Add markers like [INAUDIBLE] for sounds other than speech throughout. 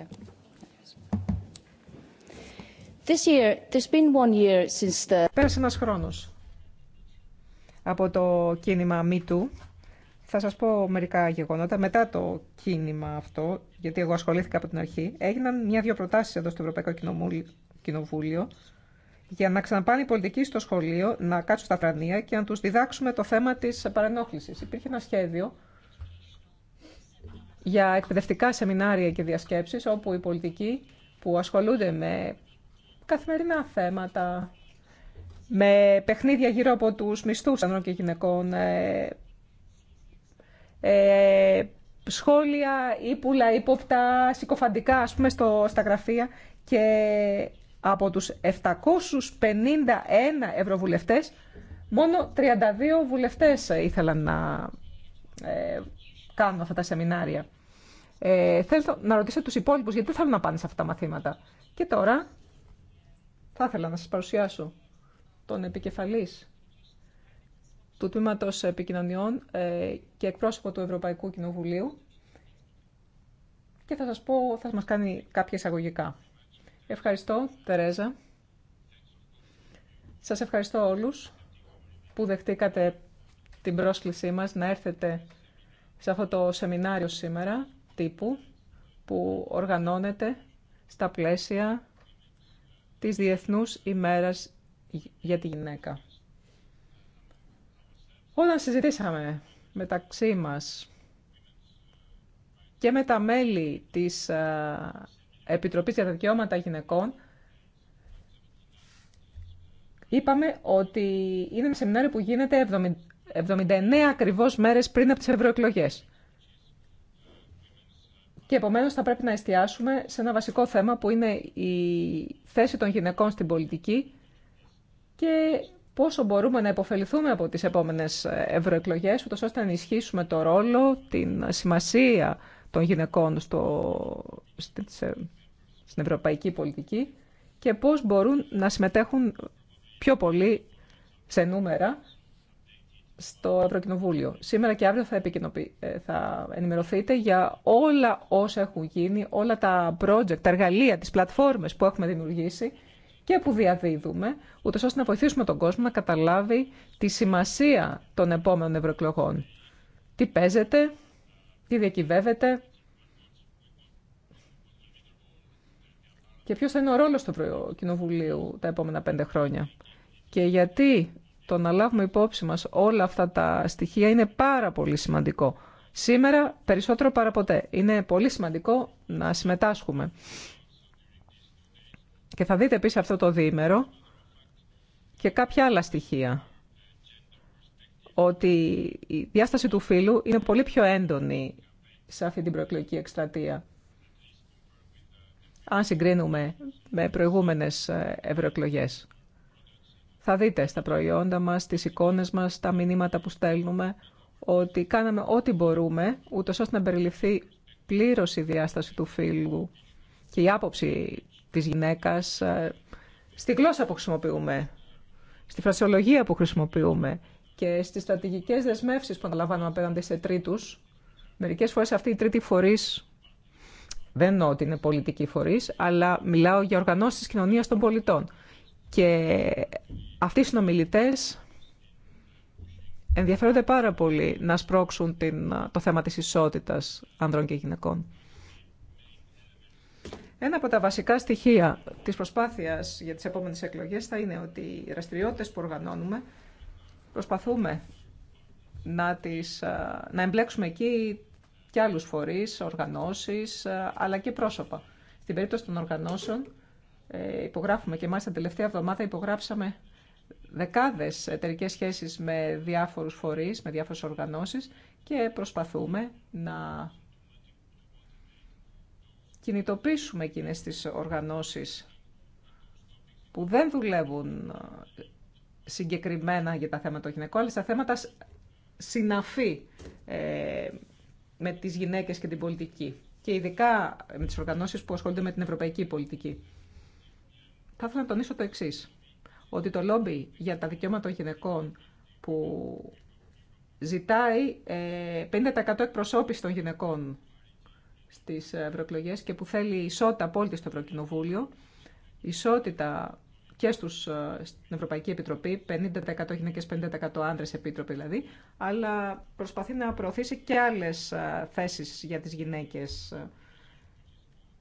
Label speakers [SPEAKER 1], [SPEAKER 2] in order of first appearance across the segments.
[SPEAKER 1] Okay. This year, there's been one year since the... Πέρασε ένα χρόνος από το κίνημα MeToo. Θα σας πω μερικά γεγονότα. Μετά το κίνημα αυτό, γιατί εγώ ασχολήθηκα από την αρχή, έγιναν μια-δυο προτάσεις εδώ στο Ευρωπαϊκό Κοινοβούλιο για να ξαναπάνε οι πολιτικοί στο σχολείο, να κάτσουν στα πρανία και να τους διδάξουμε το θέμα της παρενόχλησης. Υπήρχε ένα σχέδιο για εκπαιδευτικά σεμινάρια και διασκέψεις όπου οι πολιτικοί που ασχολούνται με καθημερινά θέματα, με παιχνίδια γύρω από τους μισθούς ανδρών και γυναικών, ε, ε σχόλια ύπουλα, ύποπτα, συκοφαντικά ας πούμε στο, στα γραφεία και από τους 751 ευρωβουλευτές μόνο 32 βουλευτές ήθελαν να ε, κάνουν αυτά τα σεμινάρια. Ε, θέλω να ρωτήσω τους υπόλοιπους γιατί δεν θέλουν να πάνε σε αυτά τα μαθήματα. Και τώρα θα ήθελα να σας παρουσιάσω τον επικεφαλής του Τμήματος Επικοινωνιών ε, και εκπρόσωπο του Ευρωπαϊκού Κοινοβουλίου και θα σας πω, θα μας κάνει κάποια εισαγωγικά. Ευχαριστώ, Τερέζα. Σας ευχαριστώ όλους που δεχτήκατε την πρόσκλησή μας να έρθετε σε αυτό το σεμινάριο σήμερα τύπου που οργανώνεται στα πλαίσια της Διεθνούς ημέρας για τη γυναίκα. Όταν συζητήσαμε μεταξύ μας και με τα μέλη της ε, Επιτροπής για τα Δικαιώματα Γυναικών, είπαμε ότι είναι ένα σεμινάριο που γίνεται 79 ακριβώς μέρες πριν από τις ευρωεκλογέ. Και επομένως θα πρέπει να εστιάσουμε σε ένα βασικό θέμα που είναι η θέση των γυναικών στην πολιτική και πόσο μπορούμε να υποφεληθούμε από τις επόμενες ευρωεκλογές... ούτως ώστε να ενισχύσουμε το ρόλο, την σημασία των γυναικών στο, στην ευρωπαϊκή πολιτική και πώς μπορούν να συμμετέχουν πιο πολύ σε νούμερα στο Ευρωκοινοβούλιο. Σήμερα και αύριο θα, ε, θα ενημερωθείτε για όλα όσα έχουν γίνει, όλα τα project, τα εργαλεία, τις πλατφόρμες που έχουμε δημιουργήσει και που διαδίδουμε, ούτως ώστε να βοηθήσουμε τον κόσμο να καταλάβει τη σημασία των επόμενων ευρωεκλογών. Τι παίζεται, τι διακυβεύεται και ποιος θα είναι ο ρόλος του Ευρωκοινοβουλίου τα επόμενα πέντε χρόνια. Και γιατί το να λάβουμε υπόψη μας όλα αυτά τα στοιχεία είναι πάρα πολύ σημαντικό. Σήμερα περισσότερο παρά Είναι πολύ σημαντικό να συμμετάσχουμε. Και θα δείτε επίσης αυτό το διήμερο και κάποια άλλα στοιχεία. Ότι η διάσταση του φύλου είναι πολύ πιο έντονη σε αυτή την προεκλογική εκστρατεία. Αν συγκρίνουμε με προηγούμενες ε, ευρωεκλογές. Θα δείτε στα προϊόντα μας, στις εικόνες μας, στα μηνύματα που στέλνουμε, ότι κάναμε ό,τι μπορούμε, ούτω ώστε να περιληφθεί πλήρως η διάσταση του φίλου και η άποψη της γυναίκας ε, στη γλώσσα που χρησιμοποιούμε, στη φρασιολογία που χρησιμοποιούμε και στις στρατηγικές δεσμεύσεις που αναλαμβάνουμε απέναντι σε τρίτους. Μερικές φορές αυτή η τρίτη φορείς δεν εννοώ ότι είναι πολιτική φορείς, αλλά μιλάω για οργανώσεις κοινωνίας των πολιτών. Και αυτοί οι συνομιλητέ ενδιαφέρονται πάρα πολύ να σπρώξουν την, το θέμα της ισότητας ανδρών και γυναικών. Ένα από τα βασικά στοιχεία της προσπάθειας για τις επόμενες εκλογές θα είναι ότι οι δραστηριότητε που οργανώνουμε προσπαθούμε να, τις, να εμπλέξουμε εκεί και άλλους φορείς, οργανώσεις, αλλά και πρόσωπα. Στην περίπτωση των οργανώσεων ε, υπογράφουμε και μάλιστα την τελευταία εβδομάδα υπογράψαμε δεκάδες εταιρικέ σχέσεις με διάφορους φορείς, με διάφορες οργανώσεις και προσπαθούμε να κινητοποιήσουμε εκείνες τις οργανώσεις που δεν δουλεύουν ε, συγκεκριμένα για τα θέματα των γυναικών, αλλά στα θέματα συναφή ε, με τις γυναίκες και την πολιτική και ειδικά με τις οργανώσεις που ασχολούνται με την ευρωπαϊκή πολιτική. Θα ήθελα να τονίσω το εξή. Ότι το λόμπι για τα δικαιώματα των γυναικών που ζητάει 50% ε, εκπροσώπηση των γυναικών στις ευρωεκλογέ και που θέλει ισότητα απόλυτη στο Ευρωκοινοβούλιο, ισότητα και στους, ε, στην Ευρωπαϊκή Επιτροπή, 50% γυναίκες, 50% άνδρες επίτροποι δηλαδή, αλλά προσπαθεί να προωθήσει και άλλες ε, θέσεις για τις γυναίκες.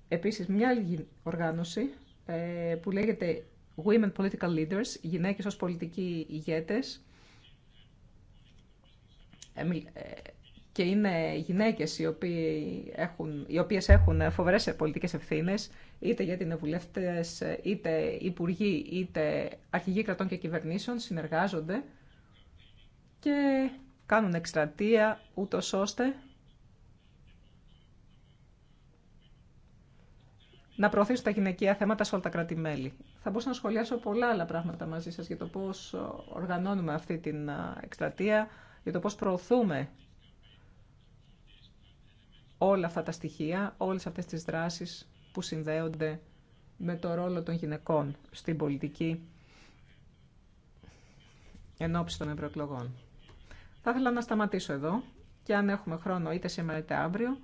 [SPEAKER 1] Επίσης, μια άλλη οργάνωση ε, που λέγεται Women Political Leaders, γυναίκες ως πολιτικοί ηγέτες ε, ε, και είναι γυναίκες οι, οποίοι έχουν, οι οποίες έχουν φοβερές πολιτικές ευθύνες, είτε για είναι βουλευτές, είτε υπουργοί, είτε αρχηγοί κρατών και κυβερνήσεων, συνεργάζονται και κάνουν εκστρατεία ούτως ώστε να προωθήσουν τα γυναικεία θέματα σε όλα τα κράτη-μέλη. Θα μπορούσα να σχολιάσω πολλά άλλα πράγματα μαζί σας για το πώς οργανώνουμε αυτή την εκστρατεία, για το πώς προωθούμε όλα αυτά τα στοιχεία, όλες αυτές τις δράσεις που συνδέονται με το ρόλο των γυναικών στην πολιτική ενόψη των ευρωεκλογών. Θα ήθελα να σταματήσω εδώ και αν έχουμε χρόνο είτε σήμερα είτε αύριο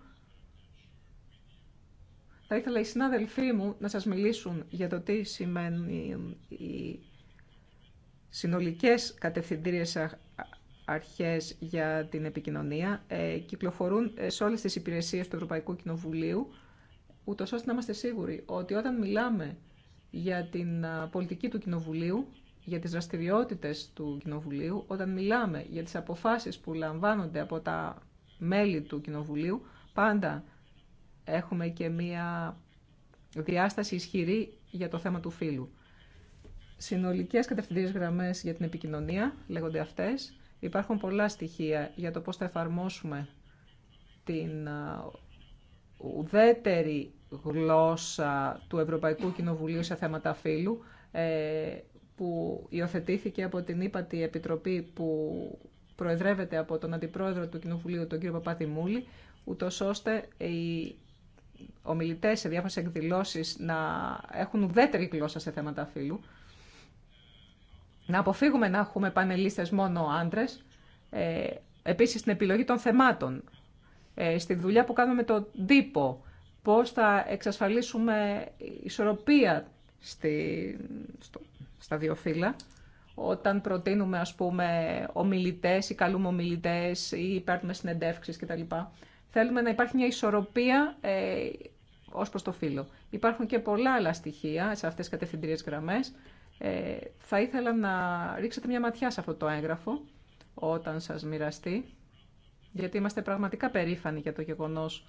[SPEAKER 1] θα ήθελα οι συνάδελφοί μου να σας μιλήσουν για το τι σημαίνουν οι συνολικές κατευθυντήριες αρχές για την επικοινωνία. Ε, κυκλοφορούν ε, σε όλες τις υπηρεσίες του Ευρωπαϊκού Κοινοβουλίου, ούτως ώστε να είμαστε σίγουροι ότι όταν μιλάμε για την πολιτική του Κοινοβουλίου, για τις δραστηριότητες του Κοινοβουλίου, όταν μιλάμε για τις αποφάσεις που λαμβάνονται από τα μέλη του Κοινοβουλίου, πάντα έχουμε και μία διάσταση ισχυρή για το θέμα του φίλου. Συνολικές κατευθυντήριες γραμμές για την επικοινωνία λέγονται αυτές. Υπάρχουν πολλά στοιχεία για το πώς θα εφαρμόσουμε την ουδέτερη γλώσσα του Ευρωπαϊκού Κοινοβουλίου σε θέματα φύλου ε, που υιοθετήθηκε από την ύπατη επιτροπή που προεδρεύεται από τον αντιπρόεδρο του Κοινοβουλίου, τον κύριο Παπαδημούλη, ούτω ώστε η Ομιλητέ σε διάφορες εκδηλώσεις να έχουν ουδέτερη γλώσσα σε θέματα φύλου. Να αποφύγουμε να έχουμε πανελίστε μόνο άντρες. Ε, επίσης, στην επιλογή των θεμάτων. Ε, στη δουλειά που κάνουμε με τον τύπο. Πώς θα εξασφαλίσουμε ισορροπία στη, στο, στα δύο φύλλα όταν προτείνουμε, ας πούμε, ομιλητές ή καλούμε ομιλητές ή παίρνουμε συνεντεύξεις κτλ. Θέλουμε να υπάρχει μια ισορροπία ε, ως προς το φύλλο. Υπάρχουν και πολλά άλλα στοιχεία σε αυτές τις κατευθυντήριες γραμμές. Ε, θα ήθελα να ρίξετε μια ματιά σε αυτό το έγγραφο όταν σας μοιραστεί, γιατί είμαστε πραγματικά περήφανοι για το γεγονός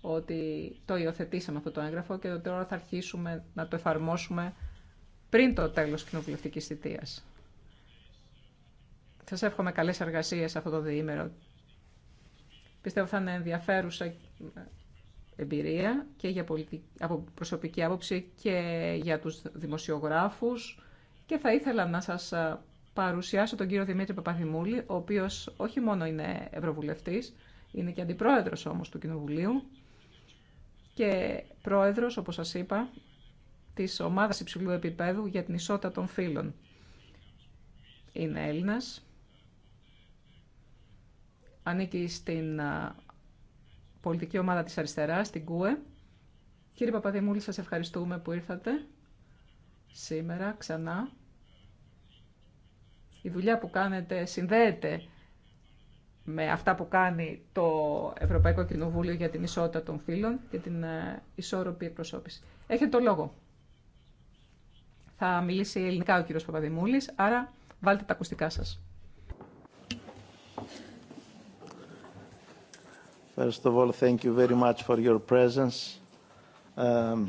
[SPEAKER 1] ότι το υιοθετήσαμε αυτό το έγγραφο και ότι τώρα θα αρχίσουμε να το εφαρμόσουμε πριν το τέλος της κοινοβουλευτικής θητείας. Σας εύχομαι καλές εργασίες αυτό το διήμερο Πιστεύω θα είναι ενδιαφέρουσα εμπειρία και για από προσωπική άποψη και για τους δημοσιογράφους και θα ήθελα να σας παρουσιάσω τον κύριο Δημήτρη Παπαδημούλη, ο οποίος όχι μόνο είναι ευρωβουλευτής, είναι και αντιπρόεδρος όμως του Κοινοβουλίου και πρόεδρος, όπως σας είπα, της ομάδας υψηλού επίπεδου για την ισότητα των φύλων. Είναι Έλληνας, ανήκει στην πολιτική ομάδα της αριστεράς, την ΚΟΕ. Κύριε Παπαδημούλη, σας ευχαριστούμε που ήρθατε σήμερα ξανά. Η δουλειά που κάνετε συνδέεται με αυτά που κάνει το Ευρωπαϊκό Κοινοβούλιο για την ισότητα των φύλων και την ισόρροπη εκπροσώπηση. Έχετε το λόγο. Θα μιλήσει ελληνικά ο κύριος Παπαδημούλης, άρα βάλτε τα ακουστικά σας.
[SPEAKER 2] First of thank you very much for your presence. Um...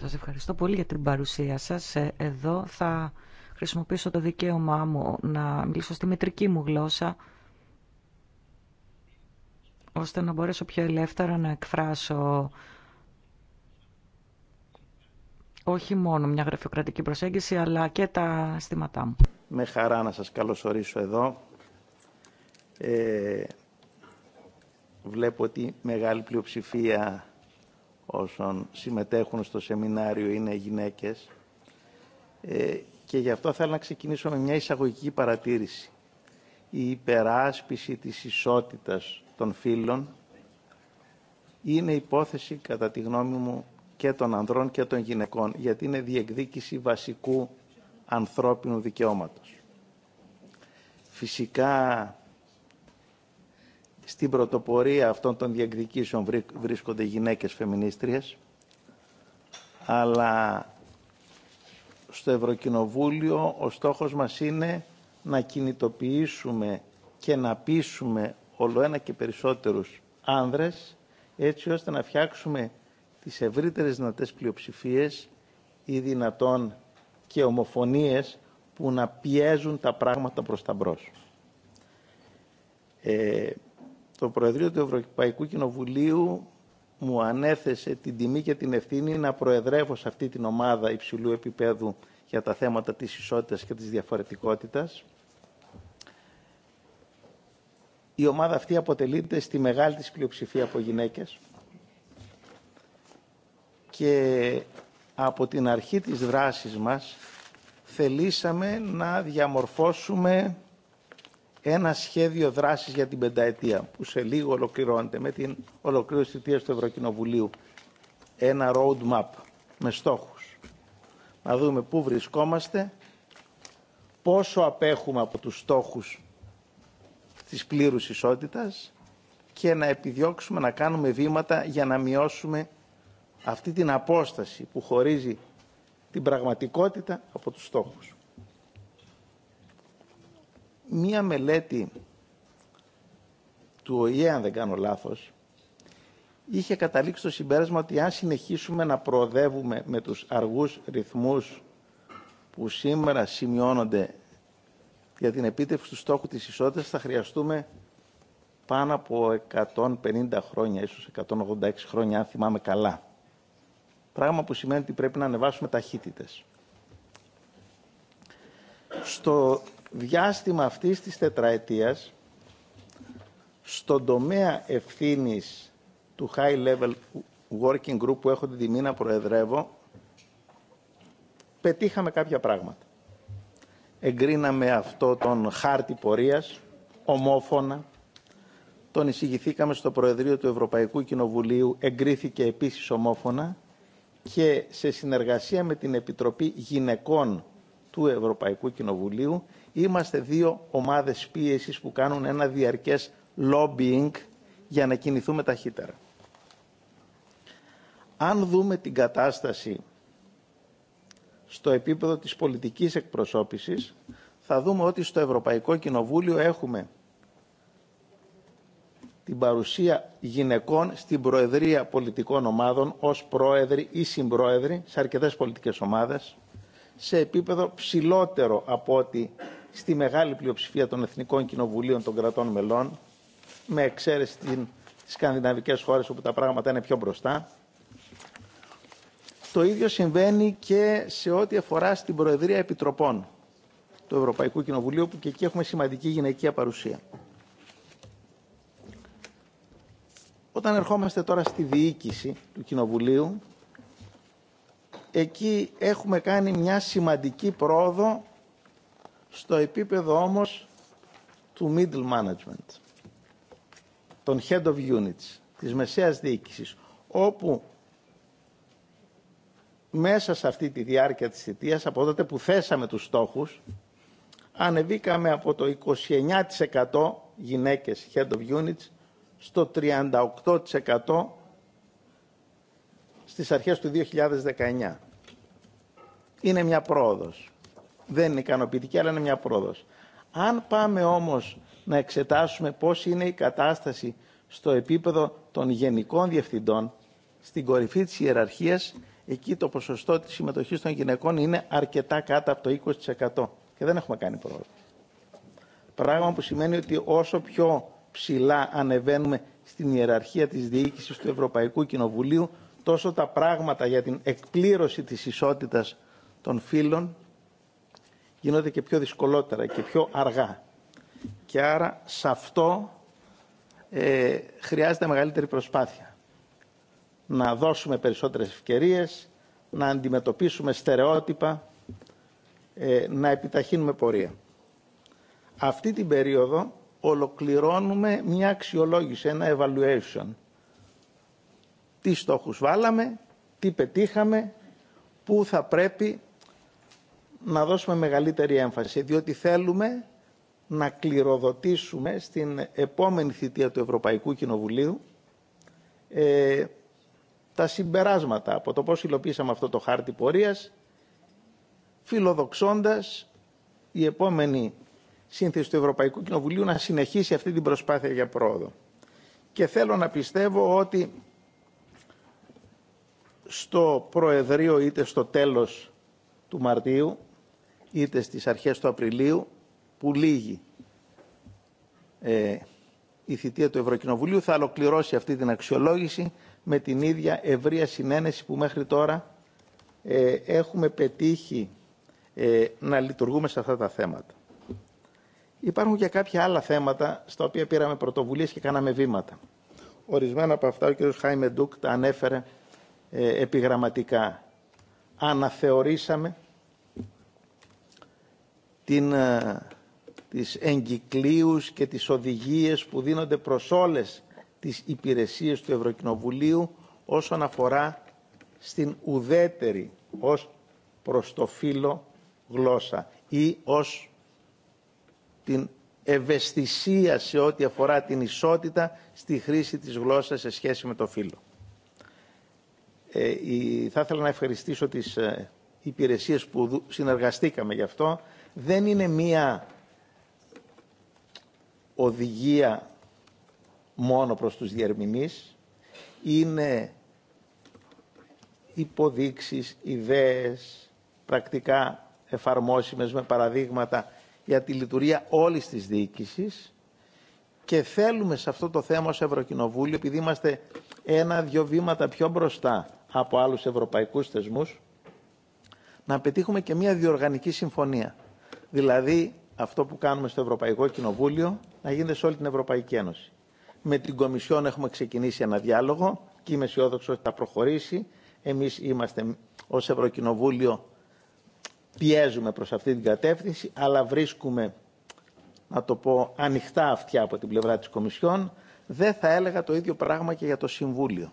[SPEAKER 3] Σας ευχαριστώ πολύ για την παρουσία σας. Ε, εδώ θα χρησιμοποιήσω το δικαίωμά μου να μιλήσω στη μετρική μου γλώσσα ώστε να μπορέσω πιο ελεύθερα να εκφράσω όχι μόνο μια γραφειοκρατική προσέγγιση, αλλά και τα αισθήματά μου.
[SPEAKER 2] Με χαρά να σας καλωσορίσω εδώ. Ε, βλέπω ότι μεγάλη πλειοψηφία όσων συμμετέχουν στο σεμινάριο είναι γυναίκες ε, και γι' αυτό θέλω να ξεκινήσω με μια εισαγωγική παρατήρηση. Η υπεράσπιση της ισότητας των φύλων είναι υπόθεση κατά τη γνώμη μου και των ανδρών και των γυναικών γιατί είναι διεκδίκηση βασικού ανθρώπινου δικαιώματος. Φυσικά στην πρωτοπορία αυτών των διακδικήσεων βρίσκονται γυναίκες φεμινίστριες, αλλά στο Ευρωκοινοβούλιο ο στόχος μας είναι να κινητοποιήσουμε και να πείσουμε όλο ένα και περισσότερους άνδρες, έτσι ώστε να φτιάξουμε τις ευρύτερες δυνατές πλειοψηφίες ή δυνατόν και ομοφωνίες που να πιέζουν τα πράγματα προς τα μπρος. Ε, το Προεδρείο του Ευρωπαϊκού Κοινοβουλίου μου ανέθεσε την τιμή και την ευθύνη να προεδρεύω σε αυτή την ομάδα υψηλού επίπεδου για τα θέματα της ισότητας και της διαφορετικότητας. Η ομάδα αυτή αποτελείται στη μεγάλη της πλειοψηφία από γυναίκες και από την αρχή της δράσης μας θελήσαμε να διαμορφώσουμε ένα σχέδιο δράσης για την πενταετία που σε λίγο ολοκληρώνεται με την ολοκλήρωση θητείας του Ευρωκοινοβουλίου. Ένα roadmap με στόχους. Να δούμε πού βρισκόμαστε, πόσο απέχουμε από τους στόχους της πλήρους ισότητας και να επιδιώξουμε να κάνουμε βήματα για να μειώσουμε αυτή την απόσταση που χωρίζει την πραγματικότητα από τους στόχους μία μελέτη του ΟΗΕ, αν δεν κάνω λάθος, είχε καταλήξει στο συμπέρασμα ότι αν συνεχίσουμε να προοδεύουμε με τους αργούς ρυθμούς που σήμερα σημειώνονται για την επίτευξη του στόχου της ισότητας θα χρειαστούμε πάνω από 150 χρόνια, ίσως 186 χρόνια, αν θυμάμαι καλά. Πράγμα που σημαίνει ότι πρέπει να ανεβάσουμε ταχύτητες. Στο διάστημα αυτής της τετραετίας στον τομέα ευθύνης του High Level Working Group που έχω την τιμή να προεδρεύω πετύχαμε κάποια πράγματα. Εγκρίναμε αυτό τον χάρτη πορείας, ομόφωνα. Τον εισηγηθήκαμε στο Προεδρείο του Ευρωπαϊκού Κοινοβουλίου, εγκρίθηκε επίσης ομόφωνα και σε συνεργασία με την Επιτροπή Γυναικών του Ευρωπαϊκού Κοινοβουλίου είμαστε δύο ομάδες πίεσης που κάνουν ένα διαρκές lobbying για να κινηθούμε ταχύτερα. Αν δούμε την κατάσταση στο επίπεδο της πολιτικής εκπροσώπησης, θα δούμε ότι στο Ευρωπαϊκό Κοινοβούλιο έχουμε την παρουσία γυναικών στην Προεδρία Πολιτικών Ομάδων ως πρόεδροι ή συμπρόεδροι σε αρκετές πολιτικές ομάδες σε επίπεδο ψηλότερο από ότι στη μεγάλη πλειοψηφία των εθνικών κοινοβουλίων των κρατών μελών, με εξαίρεση την σκανδιναβικές χώρες όπου τα πράγματα είναι πιο μπροστά. Το ίδιο συμβαίνει και σε ό,τι αφορά στην Προεδρία Επιτροπών του Ευρωπαϊκού Κοινοβουλίου, που και εκεί έχουμε σημαντική γυναικεία παρουσία. Όταν ερχόμαστε τώρα στη διοίκηση του Κοινοβουλίου, Εκεί έχουμε κάνει μια σημαντική πρόοδο στο επίπεδο όμως του middle management, των head of units, της μεσαίας διοίκησης, όπου μέσα σε αυτή τη διάρκεια της θητείας, από τότε που θέσαμε τους στόχους, ανεβήκαμε από το 29% γυναίκες head of units στο 38% στις αρχές του 2019 είναι μια πρόοδος. Δεν είναι ικανοποιητική, αλλά είναι μια πρόοδος. Αν πάμε όμως να εξετάσουμε πώς είναι η κατάσταση στο επίπεδο των γενικών διευθυντών, στην κορυφή της ιεραρχίας, εκεί το ποσοστό της συμμετοχής των γυναικών είναι αρκετά κάτω από το 20% και δεν έχουμε κάνει πρόοδο. Πράγμα που σημαίνει ότι όσο πιο ψηλά ανεβαίνουμε στην ιεραρχία της διοίκησης του Ευρωπαϊκού Κοινοβουλίου, τόσο τα πράγματα για την εκπλήρωση της ισότητας των φύλων γίνονται και πιο δυσκολότερα και πιο αργά. Και άρα σε αυτό ε, χρειάζεται μεγαλύτερη προσπάθεια. Να δώσουμε περισσότερες ευκαιρίες, να αντιμετωπίσουμε στερεότυπα, ε, να επιταχύνουμε πορεία. Αυτή την περίοδο ολοκληρώνουμε μια αξιολόγηση, ένα evaluation. Τι στόχους βάλαμε, τι πετύχαμε, πού θα πρέπει να δώσουμε μεγαλύτερη έμφαση, διότι θέλουμε να κληροδοτήσουμε στην επόμενη θητεία του Ευρωπαϊκού Κοινοβουλίου ε, τα συμπεράσματα από το πώς υλοποίησαμε αυτό το χάρτη πορείας, φιλοδοξώντας η επόμενη σύνθεση του Ευρωπαϊκού Κοινοβουλίου να συνεχίσει αυτή την προσπάθεια για πρόοδο. Και θέλω να πιστεύω ότι στο Προεδρείο είτε στο τέλος του Μαρτίου είτε στις αρχές του Απριλίου που λύγει ε, η θητεία του Ευρωκοινοβουλίου θα ολοκληρώσει αυτή την αξιολόγηση με την ίδια ευρεία συνένεση που μέχρι τώρα ε, έχουμε πετύχει ε, να λειτουργούμε σε αυτά τα θέματα. Υπάρχουν και κάποια άλλα θέματα στα οποία πήραμε πρωτοβουλίες και κάναμε βήματα. Ορισμένα από αυτά ο κ. Ντούκ τα ανέφερε ε, επιγραμματικά. Αναθεωρήσαμε την, ε, τις εγκυκλίους και τις οδηγίες που δίνονται προς όλες τις υπηρεσίες του Ευρωκοινοβουλίου όσον αφορά στην ουδέτερη ως προς το φύλλο γλώσσα ή ως την ευαισθησία σε ό,τι αφορά την ισότητα στη χρήση της γλώσσας σε σχέση με το φύλλο. Ε, θα ήθελα να ευχαριστήσω τις ε, υπηρεσίες που συνεργαστήκαμε γι' αυτό, δεν είναι μία οδηγία μόνο προς τους διερμηνείς, είναι υποδείξεις, ιδέες, πρακτικά εφαρμόσιμες με παραδείγματα για τη λειτουργία όλης της διοίκησης και θέλουμε σε αυτό το θέμα ως Ευρωκοινοβούλιο, επειδή είμαστε ένα-δυο βήματα πιο μπροστά από άλλους ευρωπαϊκούς θεσμούς, να πετύχουμε και μια διοργανική συμφωνία. Δηλαδή αυτό που κάνουμε στο Ευρωπαϊκό Κοινοβούλιο να γίνεται σε όλη την Ευρωπαϊκή Ένωση. Με την Κομισιόν έχουμε ξεκινήσει ένα διάλογο και είμαι αισιόδοξο ότι θα προχωρήσει. Εμεί είμαστε ω Ευρωκοινοβούλιο πιέζουμε προς αυτή την κατεύθυνση, αλλά βρίσκουμε, να το πω, ανοιχτά αυτιά από την πλευρά της Κομισιόν. Δεν θα έλεγα το ίδιο πράγμα και για το Συμβούλιο.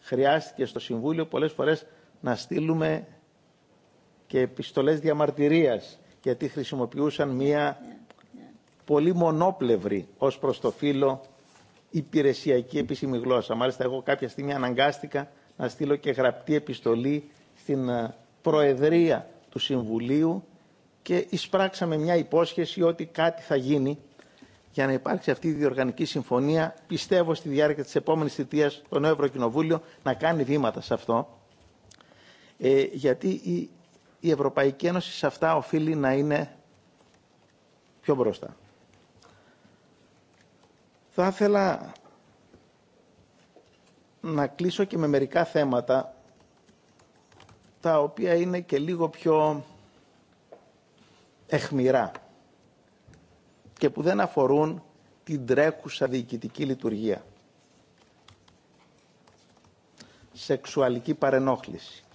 [SPEAKER 2] Χρειάστηκε στο Συμβούλιο πολλές φορές να στείλουμε και επιστολές διαμαρτυρίας γιατί χρησιμοποιούσαν μία πολύ μονόπλευρη ως προς το φύλλο υπηρεσιακή επίσημη γλώσσα. Μάλιστα εγώ κάποια στιγμή αναγκάστηκα να στείλω και γραπτή επιστολή στην ε, Προεδρία του Συμβουλίου και εισπράξαμε μια υπόσχεση ότι κάτι θα γίνει για να υπάρξει αυτή η διοργανική συμφωνία. Πιστεύω στη διάρκεια της επόμενης θητείας το νέο Ευρωκοινοβούλιο να κάνει βήματα σε αυτό. Ε, γιατί η η Ευρωπαϊκή Ένωση σε αυτά οφείλει να είναι πιο μπροστά. Θα ήθελα να κλείσω και με μερικά θέματα τα οποία είναι και λίγο πιο εχμηρά και που δεν αφορούν την τρέχουσα διοικητική λειτουργία. Σεξουαλική παρενόχληση.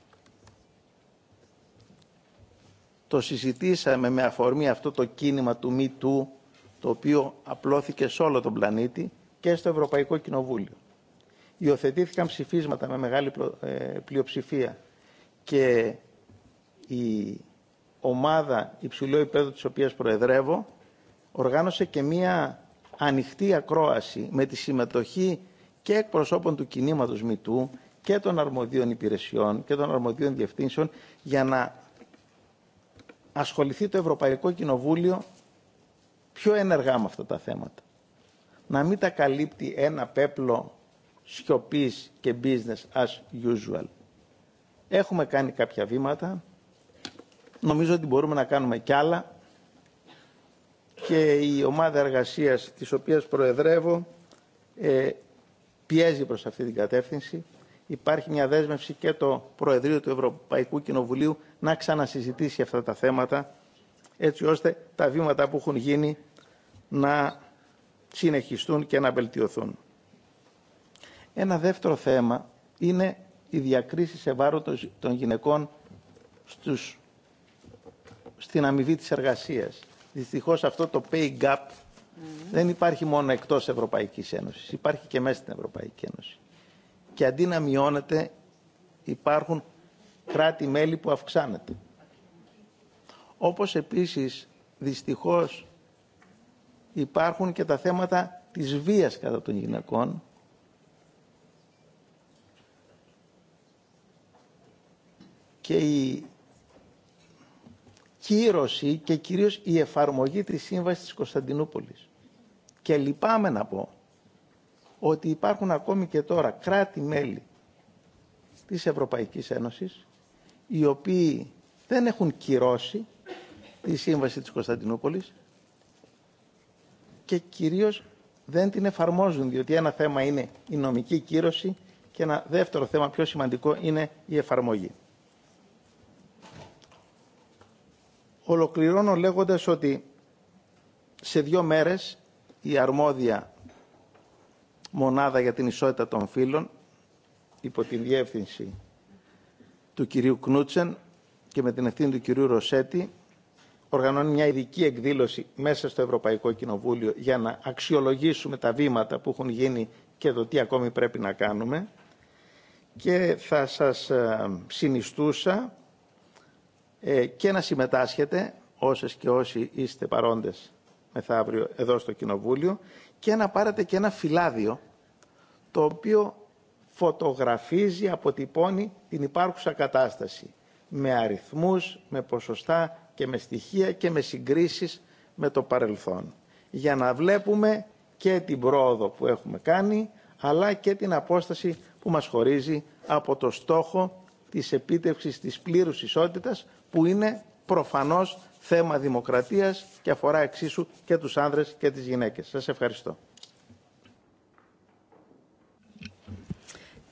[SPEAKER 2] το συζητήσαμε με αφορμή αυτό το κίνημα του Me το οποίο απλώθηκε σε όλο τον πλανήτη και στο Ευρωπαϊκό Κοινοβούλιο. Υιοθετήθηκαν ψηφίσματα με μεγάλη ε, πλειοψηφία και η ομάδα υψηλού επίπεδου της οποίας προεδρεύω οργάνωσε και μία ανοιχτή ακρόαση με τη συμμετοχή και εκπροσώπων του κινήματος Μητού και των αρμοδίων υπηρεσιών και των αρμοδίων διευθύνσεων για να ασχοληθεί το Ευρωπαϊκό Κοινοβούλιο πιο ενεργά με αυτά τα θέματα. Να μην τα καλύπτει ένα πέπλο σιωπή και business as usual. Έχουμε κάνει κάποια βήματα. Νομίζω ότι μπορούμε να κάνουμε κι άλλα. Και η ομάδα εργασίας της οποίας προεδρεύω ε, πιέζει προς αυτή την κατεύθυνση υπάρχει μια δέσμευση και το Προεδρείο του Ευρωπαϊκού Κοινοβουλίου να ξανασυζητήσει αυτά τα θέματα, έτσι ώστε τα βήματα που έχουν γίνει να συνεχιστούν και να βελτιωθούν. Ένα δεύτερο θέμα είναι η διακρίση σε βάρο των γυναικών στην αμοιβή της εργασίας. Δυστυχώς αυτό το pay gap δεν υπάρχει μόνο εκτός Ευρωπαϊκής Ένωσης, υπάρχει και μέσα στην Ευρωπαϊκή Ένωση και αντί να μειώνεται υπάρχουν κράτη-μέλη που αυξάνεται. Όπως επίσης δυστυχώς υπάρχουν και τα θέματα της βίας κατά των γυναικών και η κύρωση και κυρίως η εφαρμογή της Σύμβασης της Κωνσταντινούπολης. Και λυπάμαι να πω ότι υπάρχουν ακόμη και τώρα κράτη-μέλη της Ευρωπαϊκής Ένωσης οι οποίοι δεν έχουν κυρώσει τη σύμβαση της Κωνσταντινούπολης και κυρίως δεν την εφαρμόζουν, διότι ένα θέμα είναι η νομική κύρωση και ένα δεύτερο θέμα πιο σημαντικό είναι η εφαρμογή. Ολοκληρώνω λέγοντας ότι σε δύο μέρες η αρμόδια μονάδα για την ισότητα των φύλων υπό την διεύθυνση του κυρίου Κνούτσεν και με την ευθύνη του κυρίου Ροσέτη οργανώνει μια ειδική εκδήλωση μέσα στο Ευρωπαϊκό Κοινοβούλιο για να αξιολογήσουμε τα βήματα που έχουν γίνει και το τι ακόμη πρέπει να κάνουμε και θα σας ε, συνιστούσα ε, και να συμμετάσχετε όσες και όσοι είστε παρόντες μεθαύριο εδώ στο Κοινοβούλιο και να πάρετε και ένα φυλάδιο το οποίο φωτογραφίζει, αποτυπώνει την υπάρχουσα κατάσταση με αριθμούς, με ποσοστά και με στοιχεία και με συγκρίσεις με το παρελθόν για να βλέπουμε και την πρόοδο που έχουμε κάνει αλλά και την απόσταση που μας χωρίζει από το στόχο της επίτευξης της πλήρους ισότητας που είναι προφανώς θέμα δημοκρατίας και αφορά εξίσου και τους άνδρες και τις γυναίκες. Σας ευχαριστώ.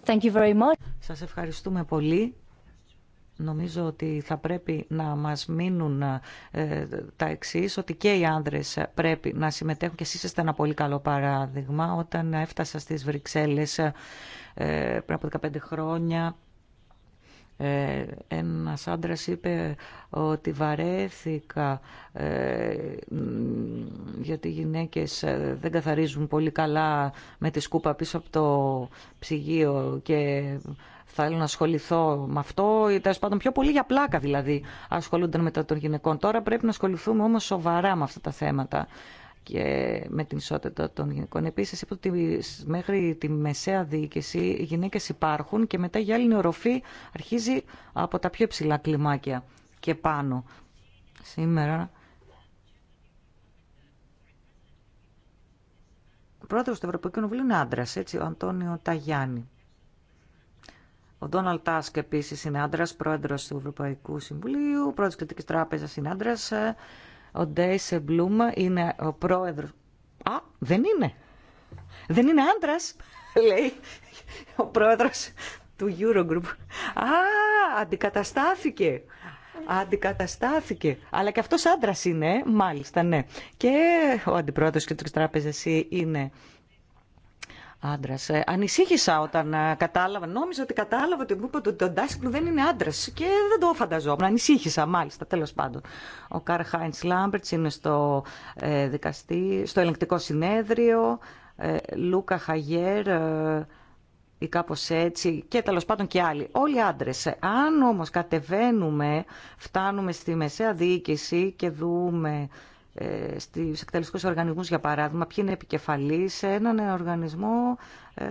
[SPEAKER 3] Σα Σας ευχαριστούμε πολύ. Νομίζω ότι θα πρέπει να μας μείνουν ε, τα εξή ότι και οι άνδρες πρέπει να συμμετέχουν και εσείς είστε ένα πολύ καλό παράδειγμα. Όταν έφτασα στις Βρυξέλλες ε, πριν από 15 χρόνια ε, ένας είπε ότι βαρέθηκα ε, γιατί οι γυναίκες ε, δεν καθαρίζουν πολύ καλά με τη σκούπα πίσω από το ψυγείο και θέλω να ασχοληθώ με αυτό τέλο πάντων πιο πολύ για πλάκα δηλαδή ασχολούνταν μετά των γυναικών. Τώρα πρέπει να ασχοληθούμε όμως σοβαρά με αυτά τα θέματα και με την ισότητα των γυναικών. Επίση, είπε ότι μέχρι τη μεσαία διοίκηση οι γυναίκε υπάρχουν και μετά η άλλη οροφή αρχίζει από τα πιο ψηλά κλιμάκια και πάνω. Σήμερα. Ο πρόεδρο του Ευρωπαϊκού Κοινοβουλίου είναι άντρα, έτσι, ο Αντώνιο Ταγιάννη. Ο Ντόναλτ Τάσκ επίση είναι άντρα, πρόεδρο του Ευρωπαϊκού Συμβουλίου, πρόεδρο τη Κριτική Τράπεζα είναι άντρα. Ε, ο Ντέισε Μπλούμα είναι ο πρόεδρο. Α, δεν είναι. Δεν είναι άντρα! [LAUGHS] λέει ο πρόεδρο του Eurogroup. Α, αντικαταστάθηκε. Αντικαταστάθηκε. Αλλά και αυτό άντρα είναι, μάλιστα, ναι. Και ο αντιπρόεδρο και Τράπεζα τράπεζας είναι άντρα. Ε, ανησύχησα όταν ε, κατάλαβα, νόμιζα ότι κατάλαβα ότι μου ότι ο Ντάσικλου δεν είναι άντρα και δεν το φανταζόμουν. Ανησύχησα μάλιστα, τέλο πάντων. Ο Καρ Χάιντ Λάμπερτ είναι στο, ε, δικαστή, στο ελεγκτικό συνέδριο. Λούκα Χαγιέρ, ή κάπω έτσι, και τέλο πάντων και άλλοι. Όλοι άντρε. Αν όμω κατεβαίνουμε, φτάνουμε στη μεσαία διοίκηση και δούμε ε, στις εκτελεστικούς οργανισμούς, για παράδειγμα, ποιοι είναι επικεφαλής, σε έναν οργανισμό ε,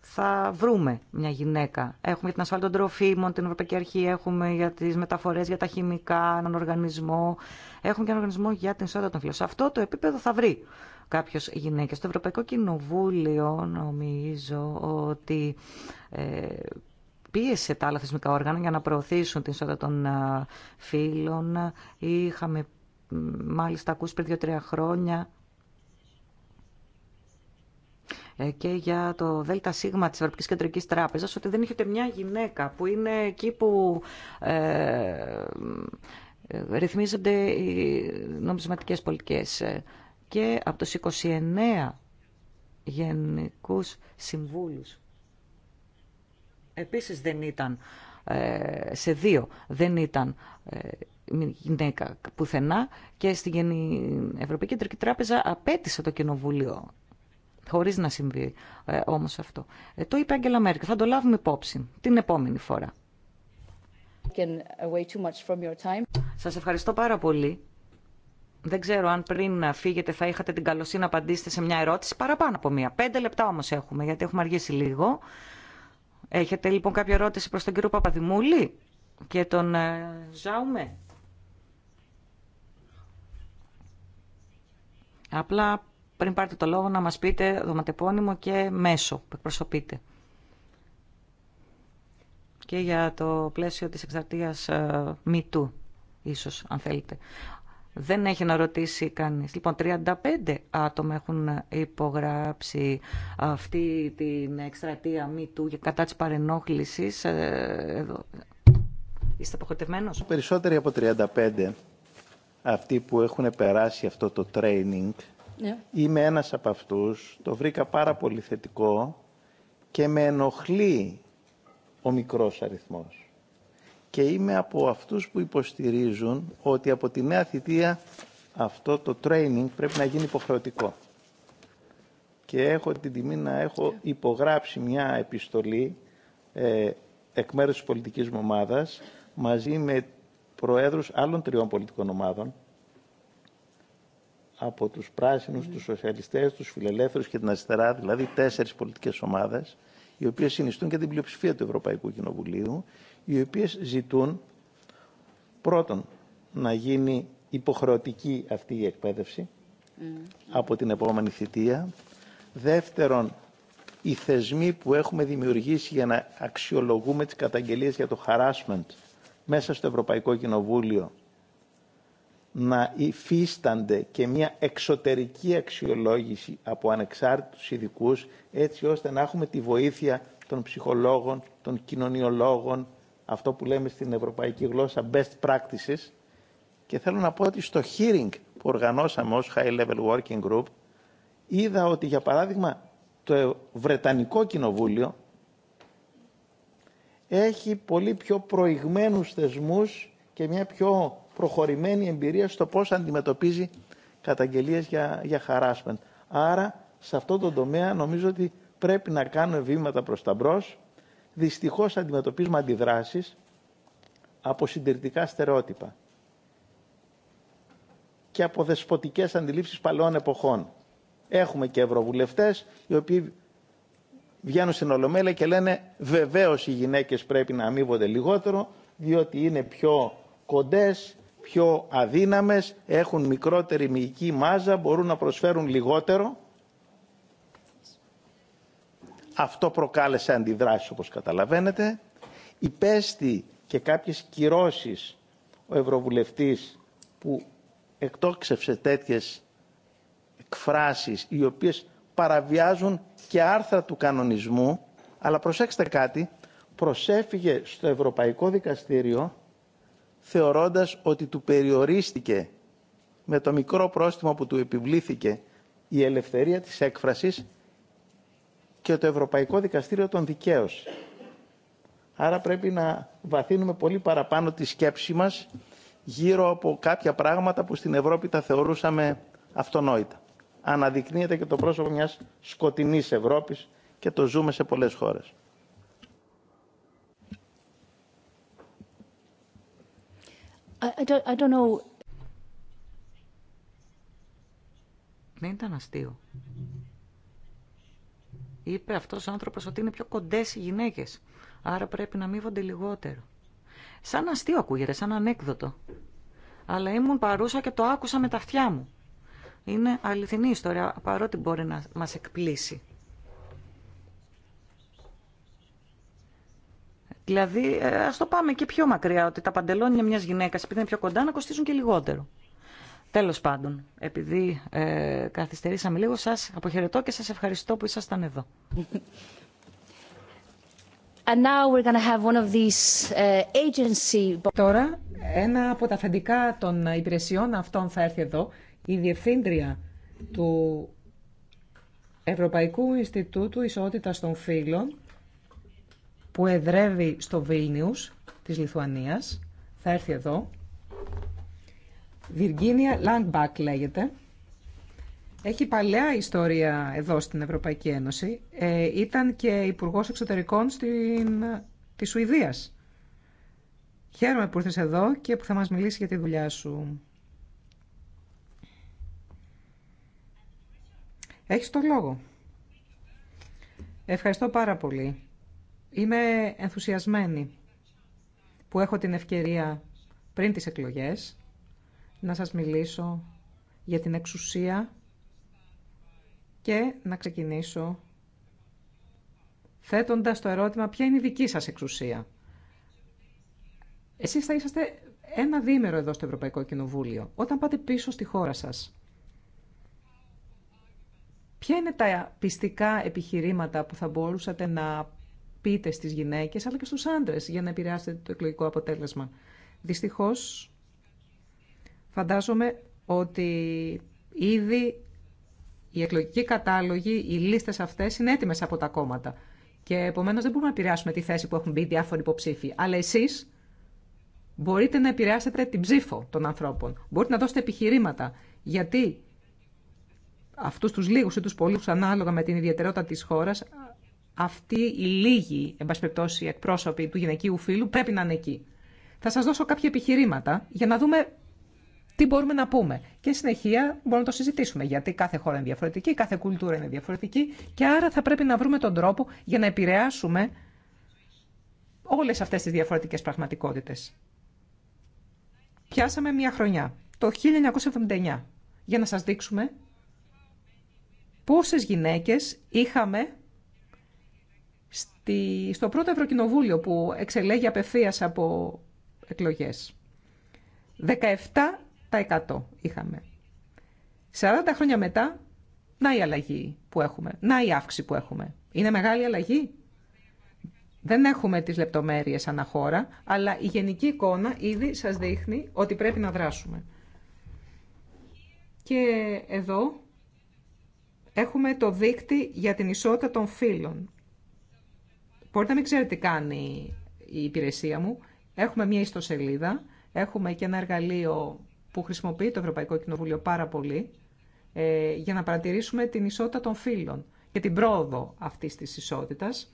[SPEAKER 3] θα βρούμε μια γυναίκα. Έχουμε για την ασφάλεια των τροφίμων, την Ευρωπαϊκή Αρχή, έχουμε για τις μεταφορές, για τα χημικά, έναν οργανισμό. Έχουμε και έναν οργανισμό για την ισότητα των φύλων. Σε αυτό το επίπεδο θα βρει κάποιο γυναίκε. Στο Ευρωπαϊκό Κοινοβούλιο νομίζω ότι ε, πίεσε τα άλλα θεσμικά όργανα για να προωθήσουν την ισότητα των φύλων. Είχαμε μάλιστα ακούσει πριν δύο-τρία χρόνια ε, και για το ΔΣ της Ευρωπαϊκής Κεντρικής Τράπεζας ότι δεν έχετε μια γυναίκα που είναι εκεί που ε, ε, ρυθμίζονται οι νομισματικές πολιτικές και από τους 29 γενικούς συμβούλους επίσης δεν ήταν ε, σε δύο δεν ήταν ε, γυναίκα πουθενά και στην Ευρωπαϊκή Κεντρική Τράπεζα απέτησε το Κοινοβούλιο χωρίς να συμβεί ε, όμως αυτό. Ε, το είπε Άγγελα Μέρκελ. Θα το λάβουμε υπόψη την επόμενη φορά. Uh, Σας ευχαριστώ πάρα πολύ. Δεν ξέρω αν πριν φύγετε θα είχατε την καλοσύνη να απαντήσετε σε μια ερώτηση παραπάνω από μία. Πέντε λεπτά όμως έχουμε γιατί έχουμε αργήσει λίγο. Έχετε λοιπόν κάποια ερώτηση προς τον κύριο Παπαδημούλη και τον ε, Ζάουμε. Απλά πριν πάρετε το λόγο να μας πείτε δωματεπώνυμο και μέσο που εκπροσωπείτε. Και για το πλαίσιο της εξαρτίας μη ε, του, ίσως, αν θέλετε. Δεν έχει να ρωτήσει κανείς. Λοιπόν, 35 άτομα έχουν υπογράψει αυτή την εκστρατεία μη του κατά της παρενόχλησης. Ε, εδώ.
[SPEAKER 2] Είστε αποχωρητευμένος. Περισσότεροι από 35 αυτοί που έχουν περάσει αυτό το training yeah. Ναι. είμαι ένας από αυτούς. Το βρήκα πάρα πολύ θετικό και με ενοχλεί ο μικρός αριθμός και είμαι από αυτούς που υποστηρίζουν ότι από τη νέα θητεία αυτό το training πρέπει να γίνει υποχρεωτικό. Και έχω την τιμή να έχω υπογράψει μια επιστολή ε, εκ μέρους της πολιτικής μου ομάδας μαζί με προέδρους άλλων τριών πολιτικών ομάδων από τους πράσινους, mm. τους σοσιαλιστές, τους φιλελεύθερους και την αριστερά, δηλαδή τέσσερις πολιτικές ομάδες, οι οποίες συνιστούν και την πλειοψηφία του Ευρωπαϊκού Κοινοβουλίου οι οποίες ζητούν πρώτον να γίνει υποχρεωτική αυτή η εκπαίδευση mm. από την επόμενη θητεία. Δεύτερον, οι θεσμοί που έχουμε δημιουργήσει για να αξιολογούμε τις καταγγελίες για το harassment μέσα στο Ευρωπαϊκό Κοινοβούλιο να υφίστανται και μια εξωτερική αξιολόγηση από ανεξάρτητους ειδικού, έτσι ώστε να έχουμε τη βοήθεια των ψυχολόγων, των κοινωνιολόγων, αυτό που λέμε στην ευρωπαϊκή γλώσσα best practices και θέλω να πω ότι στο hearing που οργανώσαμε ως High Level Working Group είδα ότι για παράδειγμα το Βρετανικό Κοινοβούλιο έχει πολύ πιο προηγμένους θεσμούς και μια πιο προχωρημένη εμπειρία στο πώς αντιμετωπίζει καταγγελίες για, για harassment. Άρα, σε αυτό το τομέα νομίζω ότι πρέπει να κάνουμε βήματα προς τα μπρος δυστυχώς αντιμετωπίζουμε αντιδράσεις από συντηρητικά στερεότυπα και από δεσποτικές αντιλήψεις παλαιών εποχών. Έχουμε και ευρωβουλευτές οι οποίοι βγαίνουν στην Ολομέλεια και λένε βεβαίως οι γυναίκες πρέπει να αμείβονται λιγότερο διότι είναι πιο κοντές, πιο αδύναμες, έχουν μικρότερη μυϊκή μάζα, μπορούν να προσφέρουν λιγότερο αυτό προκάλεσε αντιδράσεις όπως καταλαβαίνετε. Υπέστη και κάποιες κυρώσεις ο Ευρωβουλευτής που εκτόξευσε τέτοιες εκφράσεις οι οποίες παραβιάζουν και άρθρα του κανονισμού αλλά προσέξτε κάτι προσέφυγε στο Ευρωπαϊκό Δικαστήριο θεωρώντας ότι του περιορίστηκε με το μικρό πρόστιμο που του επιβλήθηκε η ελευθερία της έκφρασης και το Ευρωπαϊκό Δικαστήριο των Δικαίωση. Άρα πρέπει να βαθύνουμε πολύ παραπάνω τη σκέψη μας γύρω από κάποια πράγματα που στην Ευρώπη τα θεωρούσαμε αυτονόητα. Αναδεικνύεται και το πρόσωπο μιας σκοτεινής Ευρώπης και το ζούμε σε πολλές χώρες.
[SPEAKER 1] I don't, know.
[SPEAKER 3] Δεν ήταν αστείο είπε αυτός ο άνθρωπος ότι είναι πιο κοντές οι γυναίκες, άρα πρέπει να μείβονται λιγότερο. Σαν αστείο ακούγεται, σαν ανέκδοτο. Αλλά ήμουν παρούσα και το άκουσα με τα αυτιά μου. Είναι αληθινή ιστορία, παρότι μπορεί να μας εκπλήσει. Δηλαδή, ε, ας το πάμε και πιο μακριά, ότι τα παντελόνια μιας γυναίκας, επειδή είναι πιο κοντά, να κοστίζουν και λιγότερο. Τέλος πάντων, επειδή ε, καθυστερήσαμε λίγο, σας αποχαιρετώ και σας ευχαριστώ που ήσασταν εδώ.
[SPEAKER 1] Τώρα, ένα από τα αφεντικά των υπηρεσιών αυτών θα έρθει εδώ, η Διευθύντρια του Ευρωπαϊκού Ινστιτούτου Ισότητας των Φύλων, που εδρεύει στο Βίλνιους της Λιθουανίας, θα έρθει εδώ. Βιργίνια Λαντμπακ λέγεται. Έχει παλαιά ιστορία εδώ στην Ευρωπαϊκή Ένωση. Ε, ήταν και υπουργό εξωτερικών στην, της Σουηδίας. Χαίρομαι που ήρθες εδώ και που θα μας μιλήσει για τη δουλειά σου. Έχεις το λόγο. Ευχαριστώ πάρα πολύ. Είμαι ενθουσιασμένη που έχω την ευκαιρία πριν τις εκλογές να σας μιλήσω για την εξουσία και να ξεκινήσω θέτοντας το ερώτημα ποια είναι η δική σας εξουσία. Εσείς θα είσαστε ένα δίμερο εδώ στο Ευρωπαϊκό Κοινοβούλιο. Όταν πάτε πίσω στη χώρα σας, ποια είναι τα πιστικά επιχειρήματα που θα μπορούσατε να πείτε στις γυναίκες αλλά και στους άντρες για να επηρεάσετε το εκλογικό αποτέλεσμα. Δυστυχώς, Φαντάζομαι ότι ήδη οι εκλογικοί κατάλογοι, οι λίστε αυτέ είναι έτοιμε από τα κόμματα. Και επομένω δεν μπορούμε να επηρεάσουμε τη θέση που έχουν μπει διάφοροι υποψήφοι. Αλλά εσεί μπορείτε να επηρεάσετε την ψήφο των ανθρώπων. Μπορείτε να δώσετε επιχειρήματα. Γιατί αυτού του λίγους ή του πολλού ανάλογα με την ιδιαιτερότητα τη χώρα, αυτοί οι λίγοι, περιπτώσει, εκπρόσωποι του γυναικείου φίλου πρέπει να είναι εκεί. Θα σα δώσω κάποια επιχειρήματα για να δούμε τι μπορούμε να πούμε. Και συνεχεία μπορούμε να το συζητήσουμε, γιατί κάθε χώρα είναι διαφορετική, κάθε κουλτούρα είναι διαφορετική και άρα θα πρέπει να βρούμε τον τρόπο για να επηρεάσουμε όλες αυτές τις διαφορετικές πραγματικότητες. Πιάσαμε μια χρονιά, το 1979, για να σας δείξουμε πόσες γυναίκες είχαμε στο πρώτο Ευρωκοινοβούλιο που εξελέγει απευθείας από εκλογές. 17 100 είχαμε. 40 χρόνια μετά, να η αλλαγή που έχουμε, να η αύξηση που έχουμε. Είναι μεγάλη αλλαγή. Δεν έχουμε τις λεπτομέρειες αναχώρα, αλλά η γενική εικόνα ήδη σας δείχνει ότι πρέπει να δράσουμε. Και εδώ έχουμε το δίκτυ για την ισότητα των φύλων. Μπορείτε να μην ξέρετε τι κάνει η υπηρεσία μου. Έχουμε μια ιστοσελίδα, έχουμε και ένα εργαλείο που χρησιμοποιεί το Ευρωπαϊκό Κοινοβούλιο πάρα πολύ ε, για να παρατηρήσουμε την ισότητα των φύλων και την πρόοδο αυτής της ισότητας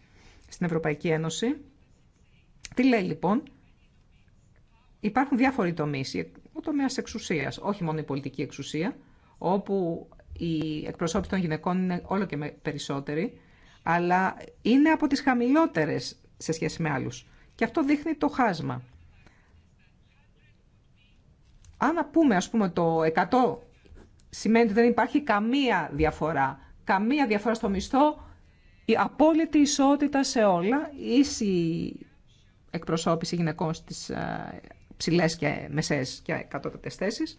[SPEAKER 1] στην Ευρωπαϊκή Ένωση. Τι λέει λοιπόν, υπάρχουν διάφοροι τομείς, ο τομέας εξουσίας, όχι μόνο η πολιτική εξουσία, όπου οι εκπροσώπηση των γυναικών είναι όλο και περισσότεροι, αλλά είναι από τις χαμηλότερες σε σχέση με άλλους. Και αυτό δείχνει το χάσμα. Αν πούμε, ας πούμε, το 100 σημαίνει ότι δεν υπάρχει καμία διαφορά. Καμία διαφορά στο μισθό, η απόλυτη ισότητα σε όλα, ίση εκπροσώπηση γυναικών στις ε, ψηλές και μεσές και κατώτατες θέσεις.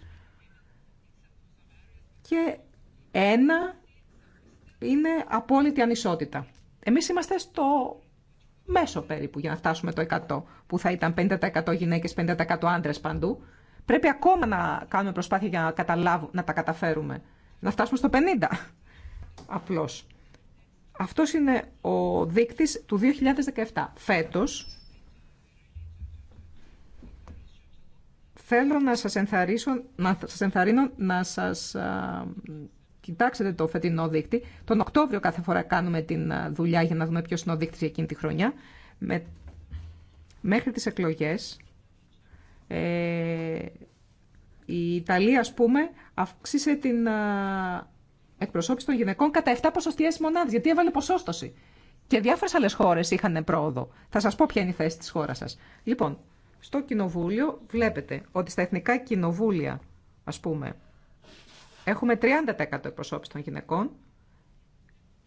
[SPEAKER 1] Και ένα είναι απόλυτη ανισότητα. Εμείς είμαστε στο μέσο περίπου για να φτάσουμε το 100, που θα ήταν 50% γυναίκες, 50% άντρες παντού. Πρέπει ακόμα να κάνουμε προσπάθεια για να, να τα καταφέρουμε. Να φτάσουμε στο 50. Απλώς. Αυτό είναι ο δείκτης του 2017. Φέτος, θέλω να σας, ενθαρρύνω να σας ενθαρρύνω να σας κοιτάξετε το φετινό δείκτη. Τον Οκτώβριο κάθε φορά κάνουμε τη δουλειά για να δούμε ποιος είναι ο δείκτης εκείνη τη χρονιά. Με, μέχρι τις εκλογές ε, η Ιταλία, ας πούμε, αύξησε την ε, εκπροσώπηση των γυναικών κατά 7 ποσοστιαίες μονάδες, γιατί έβαλε ποσόστοση. Και διάφορες άλλες χώρες είχαν πρόοδο. Θα σας πω ποια είναι η θέση της χώρας σας. Λοιπόν, στο κοινοβούλιο βλέπετε ότι στα εθνικά κοινοβούλια, ας πούμε, έχουμε 30% εκπροσώπηση των γυναικών.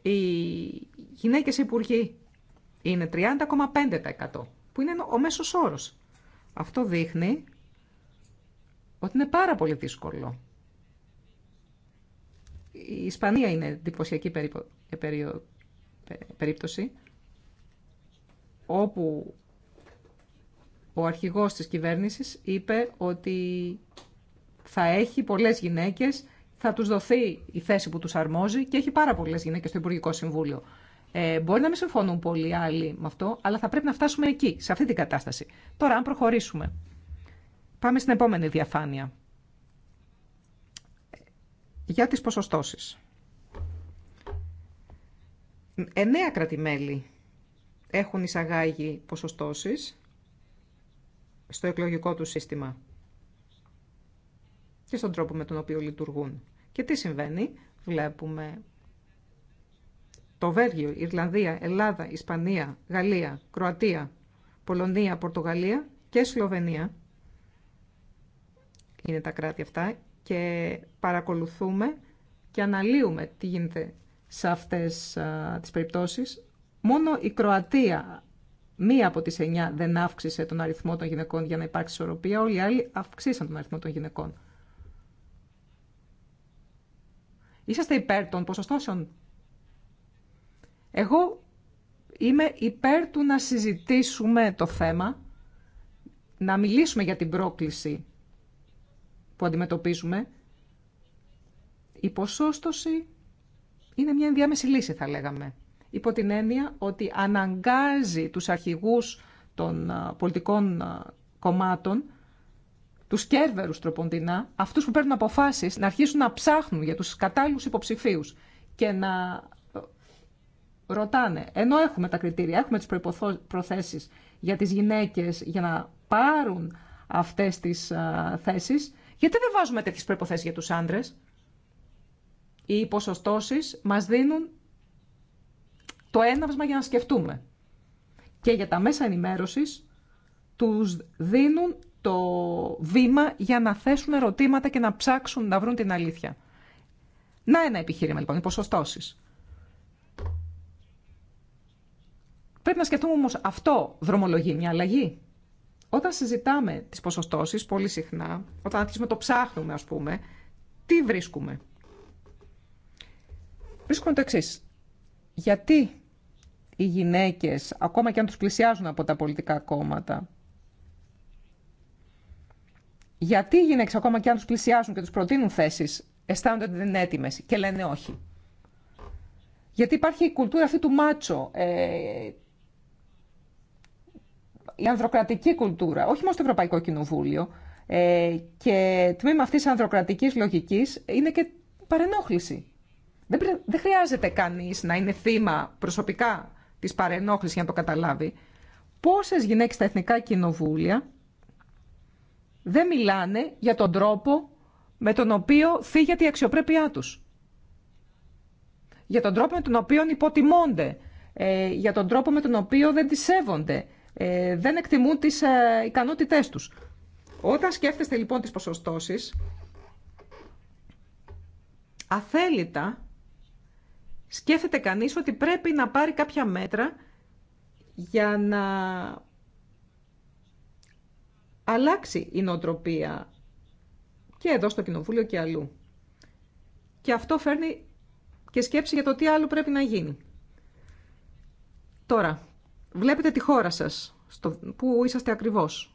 [SPEAKER 1] Οι γυναίκες υπουργοί είναι 30,5% που είναι ο μέσος όρος. Αυτό δείχνει ότι είναι πάρα πολύ δύσκολο. Η Ισπανία είναι εντυπωσιακή ε, περίπτωση όπου ο αρχηγός της κυβέρνησης είπε ότι θα έχει πολλές γυναίκες, θα τους δοθεί η θέση που τους αρμόζει και έχει πάρα πολλές γυναίκες στο Υπουργικό Συμβούλιο. Ε, μπορεί να μην συμφωνούν πολλοί άλλοι με αυτό, αλλά θα πρέπει να φτάσουμε εκεί, σε αυτή την κατάσταση. Τώρα, αν προχωρήσουμε. Πάμε στην επόμενη διαφάνεια. Για τις ποσοστώσεις. Εννέα κρατημέλη έχουν εισαγάγει ποσοστώσεις στο εκλογικό του σύστημα και στον τρόπο με τον οποίο λειτουργούν. Και τι συμβαίνει, βλέπουμε το Βέλγιο, Ιρλανδία, Ελλάδα, Ισπανία, Γαλλία, Κροατία, Πολωνία, Πορτογαλία και Σλοβενία. Είναι τα κράτη αυτά και παρακολουθούμε και αναλύουμε τι γίνεται σε αυτές α, τις περιπτώσεις. Μόνο η Κροατία, μία από τις εννιά, δεν αύξησε τον αριθμό των γυναικών για να υπάρξει ισορροπία. Όλοι οι άλλοι αυξήσαν τον αριθμό των γυναικών. Είσαστε υπέρ των ποσοστώσεων εγώ είμαι υπέρ του να συζητήσουμε το θέμα, να μιλήσουμε για την πρόκληση που αντιμετωπίζουμε. Η ποσόστοση είναι μια ενδιάμεση λύση, θα λέγαμε. Υπό την έννοια ότι αναγκάζει τους αρχηγούς των πολιτικών κομμάτων, τους κέρβερους τροποντινά, αυτούς που παίρνουν αποφάσεις, να αρχίσουν να ψάχνουν για τους κατάλληλους υποψηφίους και να ρωτάνε, ενώ έχουμε τα κριτήρια, έχουμε τις προϋποθέσεις για τις γυναίκες για να πάρουν αυτές τις α, θέσεις, γιατί δεν βάζουμε τέτοιες προϋποθέσεις για τους άντρες. Οι ποσοστώσεις μας δίνουν το έναυσμα για να σκεφτούμε. Και για τα μέσα ενημέρωσης τους δίνουν το βήμα για να θέσουν ερωτήματα και να ψάξουν να βρουν την αλήθεια. Να ένα επιχείρημα λοιπόν, οι ποσοστώσεις. Πρέπει να σκεφτούμε όμως αυτό δρομολογεί μια αλλαγή. Όταν συζητάμε τις ποσοστώσεις πολύ συχνά, όταν αρχίσουμε το ψάχνουμε α πούμε, τι βρίσκουμε. Βρίσκουμε το εξή. Γιατί οι γυναίκες, ακόμα και αν τους πλησιάζουν από τα πολιτικά κόμματα, γιατί οι γυναίκες, ακόμα και αν τους πλησιάζουν και τους προτείνουν θέσεις, αισθάνονται ότι δεν είναι έτοιμε και λένε όχι. Γιατί υπάρχει η κουλτούρα αυτή του μάτσο, ε, η ανδροκρατική κουλτούρα, όχι μόνο στο Ευρωπαϊκό Κοινοβούλιο. Ε, και τμήμα αυτή τη ανδροκρατική λογικής είναι και παρενόχληση. Δεν, χρειάζεται κανεί να είναι θύμα προσωπικά της παρενόχλησης για να το καταλάβει. Πόσε γυναίκε στα εθνικά κοινοβούλια δεν μιλάνε για τον τρόπο με τον οποίο φύγεται η αξιοπρέπειά τους. Για τον τρόπο με τον οποίο υποτιμώνται. Ε, για τον τρόπο με τον οποίο δεν τις σέβονται. Ε, δεν εκτιμούν τις ε, ικανότητές τους. Όταν σκέφτεστε λοιπόν τις ποσοστώσεις, αθέλητα σκέφτεται κανείς ότι πρέπει να πάρει κάποια μέτρα για να αλλάξει η νοοτροπία και εδώ στο Κοινοβούλιο και αλλού. Και αυτό φέρνει και σκέψη για το τι άλλο πρέπει να γίνει. Τώρα, βλέπετε τη χώρα σας, στο, που είσαστε ακριβώς.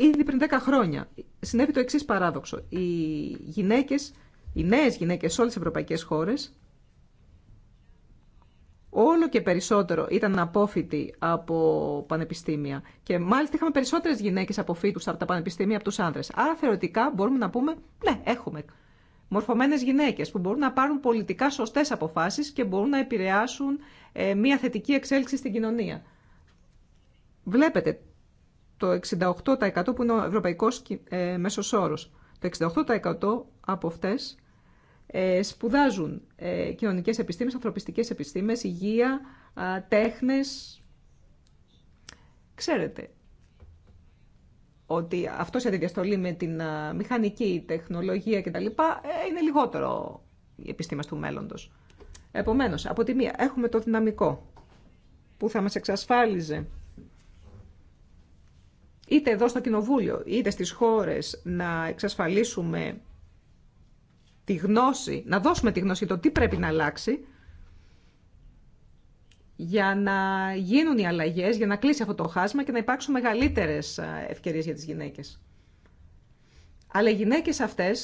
[SPEAKER 1] Ήδη πριν 10 χρόνια συνέβη το εξής παράδοξο. Οι γυναίκες, οι νέες γυναίκες σε όλες τις ευρωπαϊκές χώρες όλο και περισσότερο ήταν απόφοιτοι από πανεπιστήμια. Και μάλιστα είχαμε περισσότερες γυναίκες απόφοιτους από τα πανεπιστήμια από τους άνδρες. Άρα θεωρητικά μπορούμε να πούμε, ναι, έχουμε μορφωμένες γυναίκες που μπορούν να πάρουν πολιτικά σωστέ αποφάσεις και μπορούν να επηρεάσουν ε, μια θετική εξέλιξη στην κοινωνία. Βλέπετε το 68% που είναι ο ευρωπαϊκός ε, μέσος Το 68% από αυτές ε, σπουδάζουν ε, κοινωνικές επιστήμες, ανθρωπιστικές επιστήμες, υγεία, τέχνες. Ξέρετε ότι αυτό σε αντιδιαστολή με την μηχανική τεχνολογία κτλ. Ε, είναι λιγότερο η επιστήμες του μέλλοντος. Επομένως, από τη μία έχουμε το δυναμικό που θα μας εξασφάλιζε είτε εδώ στο Κοινοβούλιο, είτε στις χώρες να εξασφαλίσουμε τη γνώση, να δώσουμε τη γνώση το τι πρέπει να αλλάξει για να γίνουν οι αλλαγές, για να κλείσει αυτό το χάσμα και να υπάρξουν μεγαλύτερες ευκαιρίες για τις γυναίκες. Αλλά οι γυναίκες αυτές,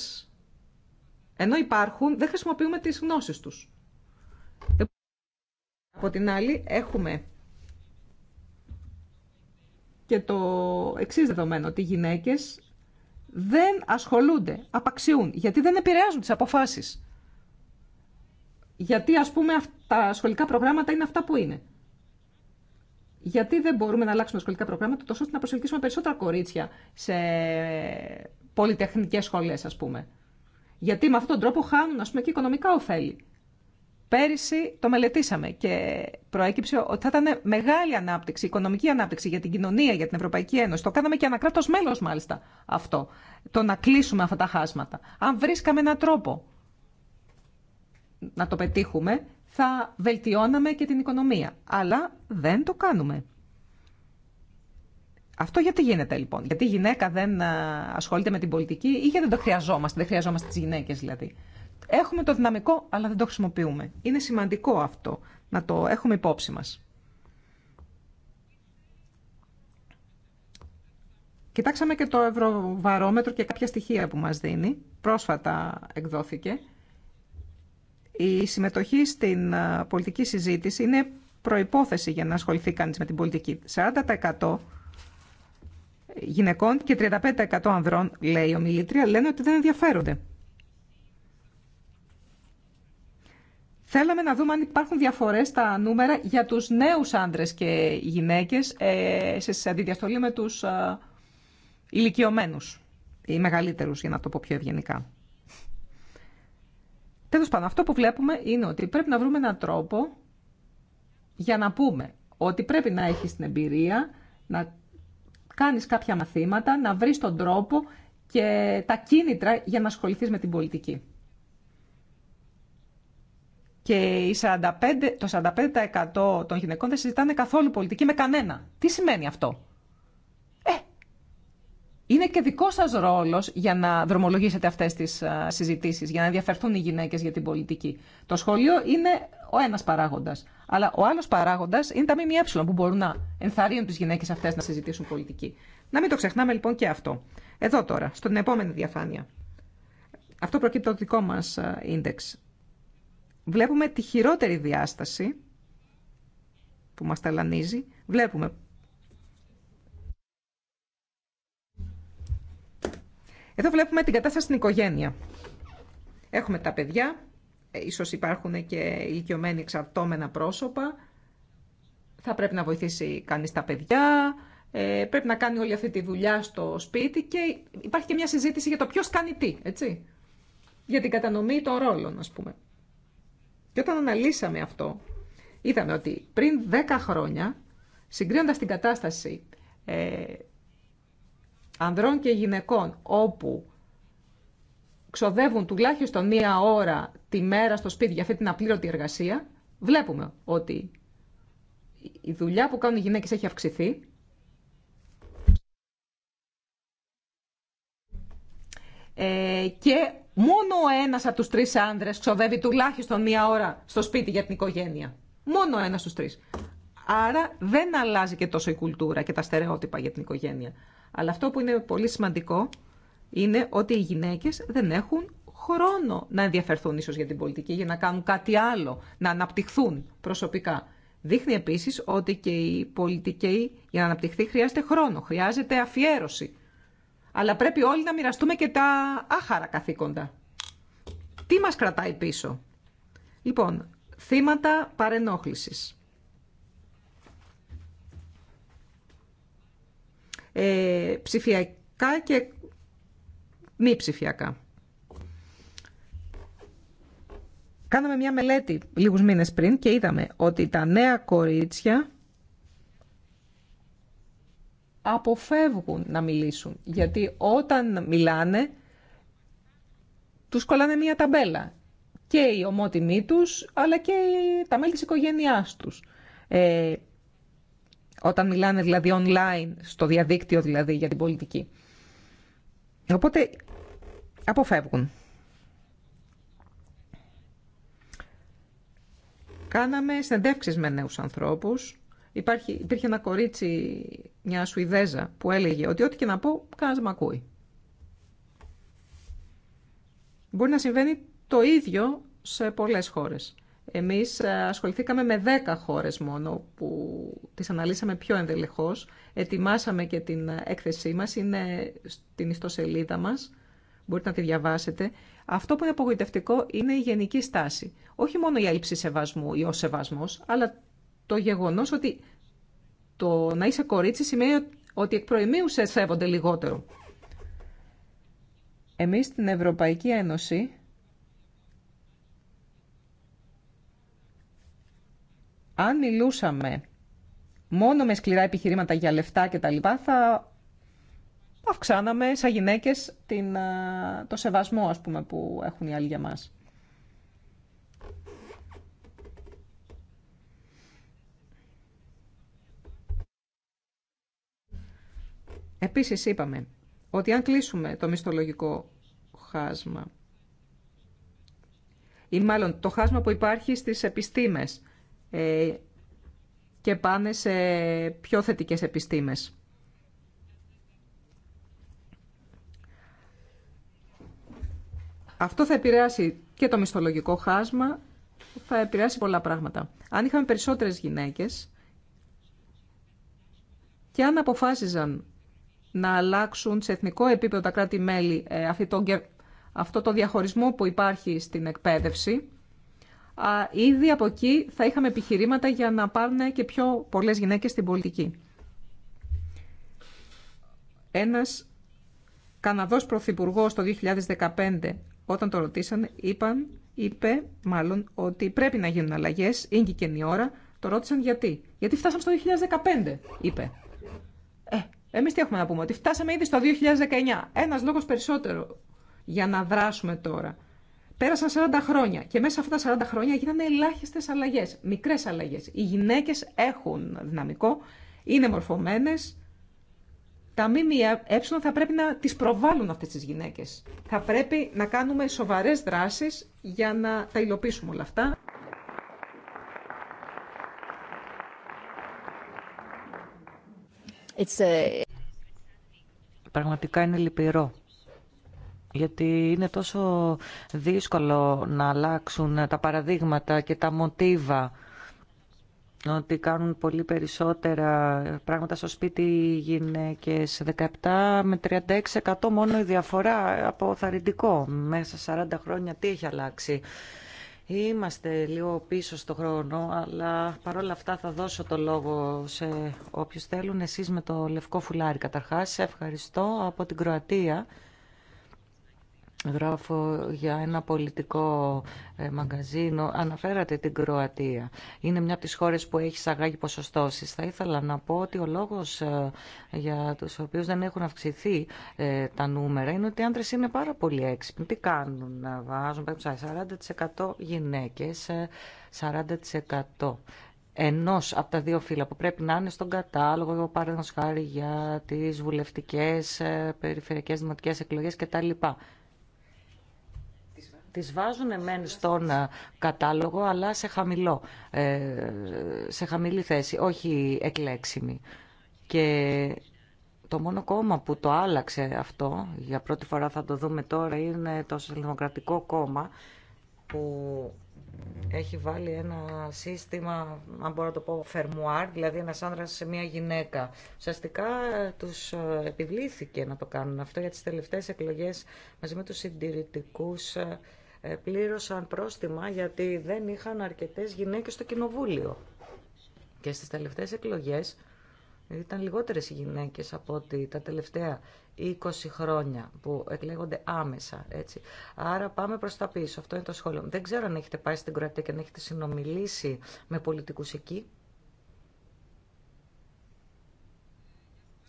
[SPEAKER 1] ενώ υπάρχουν, δεν χρησιμοποιούμε τις γνώσεις τους. Από την άλλη, έχουμε και το εξή δεδομένο, ότι οι γυναίκες δεν ασχολούνται, απαξιούν, γιατί δεν επηρεάζουν τις αποφάσεις. Γιατί ας πούμε τα σχολικά προγράμματα είναι αυτά που είναι. Γιατί δεν μπορούμε να αλλάξουμε τα σχολικά προγράμματα τόσο ώστε να προσελκύσουμε περισσότερα κορίτσια σε πολυτεχνικές σχολές ας πούμε. Γιατί με αυτόν τον τρόπο χάνουν ας πούμε και οικονομικά ωφέλη. Πέρυσι το μελετήσαμε και προέκυψε ότι θα ήταν μεγάλη ανάπτυξη, οικονομική ανάπτυξη για την κοινωνία, για την Ευρωπαϊκή Ένωση. Το κάναμε και ανακράτω μέλο, μάλιστα, αυτό. Το να κλείσουμε αυτά τα χάσματα. Αν βρίσκαμε έναν τρόπο να το πετύχουμε, θα βελτιώναμε και την οικονομία. Αλλά δεν το κάνουμε. Αυτό γιατί γίνεται λοιπόν. Γιατί η γυναίκα δεν ε, ασχολείται με την πολιτική ή γιατί δεν το χρειαζόμαστε. Δεν χρειαζόμαστε τι γυναίκε δηλαδή. Έχουμε το δυναμικό, αλλά δεν το χρησιμοποιούμε. Είναι σημαντικό αυτό να το έχουμε υπόψη μας. Κοιτάξαμε και το ευρωβαρόμετρο και κάποια στοιχεία που μας δίνει. Πρόσφατα εκδόθηκε. Η συμμετοχή στην πολιτική συζήτηση είναι προϋπόθεση για να ασχοληθεί κανείς με την πολιτική. 40% γυναικών και 35% ανδρών, λέει ο ομιλήτρια, λένε ότι δεν ενδιαφέρονται. Θέλαμε να δούμε αν υπάρχουν διαφορέ στα νούμερα για τους νέους άντρες και γυναίκες ε, σε αντιδιαστολή με τους ε, ηλικιωμένου, ή μεγαλύτερους, για να το πω πιο ευγενικά. Τέλος πάντων, αυτό που βλέπουμε είναι ότι πρέπει να βρούμε έναν τρόπο για να πούμε ότι πρέπει να έχει την εμπειρία, να κάνεις κάποια μαθήματα, να βρει τον τρόπο και τα κίνητρα για να ασχοληθεί με την πολιτική και το 45% των γυναικών δεν συζητάνε καθόλου πολιτική με κανένα. Τι σημαίνει αυτό. Ε, είναι και δικό σας ρόλος για να δρομολογήσετε αυτές τις συζητήσεις, για να ενδιαφερθούν οι γυναίκες για την πολιτική. Το σχολείο είναι ο ένας παράγοντας. Αλλά ο άλλος παράγοντας είναι τα ΜΜΕ που μπορούν να ενθαρρύνουν τις γυναίκες αυτές να συζητήσουν πολιτική. Να μην το ξεχνάμε λοιπόν και αυτό. Εδώ τώρα, στην επόμενη διαφάνεια. Αυτό προκύπτει το δικό μας ίντεξ βλέπουμε τη χειρότερη διάσταση που μας ταλανίζει. Βλέπουμε Εδώ βλέπουμε την κατάσταση στην οικογένεια. Έχουμε τα παιδιά, ε, ίσως υπάρχουν και ηλικιωμένοι εξαρτώμενα πρόσωπα. Θα πρέπει να βοηθήσει κανείς τα παιδιά, ε, πρέπει να κάνει όλη αυτή τη δουλειά στο σπίτι και υπάρχει και μια συζήτηση για το ποιος κάνει τι, έτσι. Για την κατανομή των ρόλων, ας πούμε. Και όταν αναλύσαμε αυτό, είδαμε ότι πριν 10 χρόνια, συγκρίνοντας την κατάσταση ε, ανδρών και γυναικών, όπου ξοδεύουν τουλάχιστον μία ώρα τη μέρα στο σπίτι για αυτή την απλήρωτη εργασία, βλέπουμε ότι η δουλειά που κάνουν οι γυναίκες έχει αυξηθεί, Ε, και μόνο ο ένας από τους τρεις άνδρες ξοδεύει τουλάχιστον μία ώρα στο σπίτι για την οικογένεια. Μόνο ο ένας στους τρεις. Άρα δεν αλλάζει και τόσο η κουλτούρα και τα στερεότυπα για την οικογένεια. Αλλά αυτό που είναι πολύ σημαντικό είναι ότι οι γυναίκες δεν έχουν χρόνο να ενδιαφερθούν ίσως για την πολιτική, για να κάνουν κάτι άλλο, να αναπτυχθούν προσωπικά. Δείχνει επίσης ότι και η πολιτική για να αναπτυχθεί χρειάζεται χρόνο, χρειάζεται αφιέρωση αλλά πρέπει όλοι να μοιραστούμε και τα άχαρα καθήκοντα. Τι μας κρατάει πίσω. Λοιπόν, θύματα παρενόχλησης. Ε, ψηφιακά και μη ψηφιακά. Κάναμε μια μελέτη λίγους μήνες πριν και είδαμε ότι τα νέα κορίτσια αποφεύγουν να μιλήσουν. Γιατί όταν μιλάνε, τους κολλάνε μία ταμπέλα. Και η ομότιμή τους, αλλά και τα μέλη της οικογένειάς τους. Ε, όταν μιλάνε δηλαδή online, στο διαδίκτυο δηλαδή για την πολιτική. Οπότε αποφεύγουν. Κάναμε συνεντεύξεις με νέους ανθρώπους Υπάρχει, υπήρχε ένα κορίτσι, μια Σουηδέζα, που έλεγε ότι ό,τι και να πω, κανένα με ακούει. Μπορεί να συμβαίνει το ίδιο σε πολλές χώρες. Εμείς ε, ασχοληθήκαμε με 10 χώρες μόνο που τις αναλύσαμε πιο ενδελεχώς. Ετοιμάσαμε και την έκθεσή μας, είναι στην ιστοσελίδα μας, μπορείτε να τη διαβάσετε. Αυτό που είναι απογοητευτικό είναι η γενική στάση. Όχι μόνο η έλλειψη σεβασμού ή ο σεβασμός, αλλά το γεγονό ότι το να είσαι κορίτσι σημαίνει ότι εκ προημίου σε σέβονται λιγότερο. Εμείς στην Ευρωπαϊκή Ένωση αν μιλούσαμε μόνο με σκληρά επιχειρήματα για λεφτά και τα λοιπά, θα αυξάναμε σαν γυναίκες την, το σεβασμό ας πούμε, που έχουν οι άλλοι για μας. Επίσης είπαμε ότι αν κλείσουμε το μισθολογικό χάσμα ή μάλλον το χάσμα που υπάρχει στις επιστήμες ε, και πάνε σε πιο θετικές επιστήμες. Αυτό θα επηρεάσει και το μισθολογικό χάσμα, θα επηρεάσει πολλά πράγματα. Αν είχαμε περισσότερες γυναίκες και αν αποφάσιζαν να αλλάξουν σε εθνικό επίπεδο τα κράτη-μέλη ε, αυτό το διαχωρισμό που υπάρχει στην εκπαίδευση, ήδη από εκεί θα είχαμε επιχειρήματα για να πάρουν και πιο πολλές γυναίκες στην πολιτική. Ένας Καναδός Πρωθυπουργό το 2015, όταν το ρωτήσαν, είπαν, είπε μάλλον ότι πρέπει να γίνουν αλλαγές, και η ώρα, το ρώτησαν γιατί. Γιατί φτάσαμε στο 2015, είπε. Ε, εμείς τι έχουμε να πούμε, ότι φτάσαμε ήδη στο 2019. Ένας λόγος περισσότερο για να δράσουμε τώρα. Πέρασαν 40 χρόνια και μέσα σε αυτά τα 40 χρόνια γίνανε ελάχιστες αλλαγές, μικρές αλλαγές. Οι γυναίκες έχουν δυναμικό, είναι μορφωμένες, τα ΜΜΕ θα πρέπει να τις προβάλλουν αυτές τις γυναίκες. Θα πρέπει να κάνουμε σοβαρές δράσεις για να τα υλοποιήσουμε όλα αυτά.
[SPEAKER 3] It's a... Πραγματικά είναι λυπηρό γιατί είναι τόσο δύσκολο να αλλάξουν τα παραδείγματα και τα μοτίβα ότι κάνουν πολύ περισσότερα πράγματα στο σπίτι οι γυναίκες 17 με 36% μόνο η διαφορά από θαρρυντικό μέσα 40 χρόνια τι έχει αλλάξει Είμαστε λίγο πίσω στο χρόνο, αλλά παρόλα αυτά θα δώσω το λόγο σε όποιους θέλουν. Εσείς με το λευκό φουλάρι καταρχάς. Ευχαριστώ από την Κροατία γράφω για ένα πολιτικό ε, μαγκαζίνο. Αναφέρατε την Κροατία. Είναι μια από τις χώρες που έχει σαγάγει ποσοστώσεις. Θα ήθελα να πω ότι ο λόγος ε, για τους οποίους δεν έχουν αυξηθεί ε, τα νούμερα είναι ότι οι άντρες είναι πάρα πολύ έξυπνοι. Τι κάνουν, να βάζουν 40% γυναίκες, 40% ενό από τα δύο φύλλα που πρέπει να είναι στον κατάλογο, εγώ παραδείγματο χάρη για τι βουλευτικέ, περιφερειακέ, δημοτικέ εκλογέ κτλ τις βάζουν μεν στον ε, κατάλογο, αλλά σε, χαμηλό, ε, σε χαμηλή θέση, όχι εκλέξιμη. Και το μόνο κόμμα που το άλλαξε αυτό, για πρώτη φορά θα το δούμε τώρα, είναι το Σοσιαλδημοκρατικό Κόμμα, που έχει βάλει ένα σύστημα, αν μπορώ να το πω, φερμουάρ, δηλαδή ένας άνδρας σε μια γυναίκα. Ουσιαστικά ε, τους επιβλήθηκε να το κάνουν αυτό για τις τελευταίες εκλογές μαζί με τους συντηρητικούς ε, πλήρωσαν πρόστιμα γιατί δεν είχαν αρκετές γυναίκες στο κοινοβούλιο. Και στις τελευταίες εκλογές ήταν λιγότερες οι γυναίκες από ότι τα τελευταία 20 χρόνια που εκλέγονται άμεσα. Έτσι. Άρα πάμε προς τα πίσω. Αυτό είναι το σχόλιο. Δεν ξέρω αν έχετε πάει στην Κροατία και αν έχετε συνομιλήσει με πολιτικούς εκεί.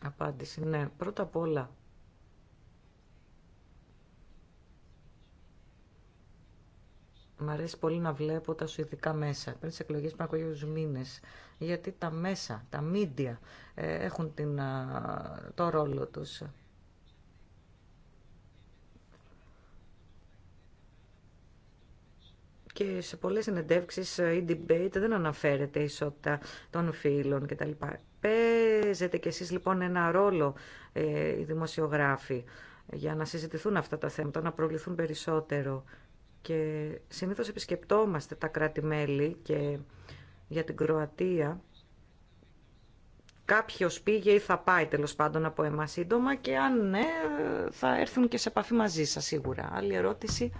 [SPEAKER 3] Απάντηση. Ναι. Πρώτα απ' όλα Μ' αρέσει πολύ να βλέπω τα σου ειδικά μέσα. Πριν τι εκλογέ πριν από λίγου μήνε. Γιατί τα μέσα, τα μίντια ε, έχουν την, το ρόλο του. Και σε πολλές συνεντεύξεις ε, ή debate δεν αναφέρεται η ισότητα των φίλων κτλ. Παίζετε κι εσείς λοιπόν ένα ρόλο ε, οι δημοσιογράφοι για να συζητηθούν αυτά τα θέματα, να προβληθούν περισσότερο. Και συνήθως επισκεπτόμαστε τα κράτη-μέλη και για την Κροατία κάποιος πήγε ή θα πάει τέλος πάντων από εμάς σύντομα και αν ναι θα έρθουν και σε επαφή μαζί σας σίγουρα. Άλλη ερώτηση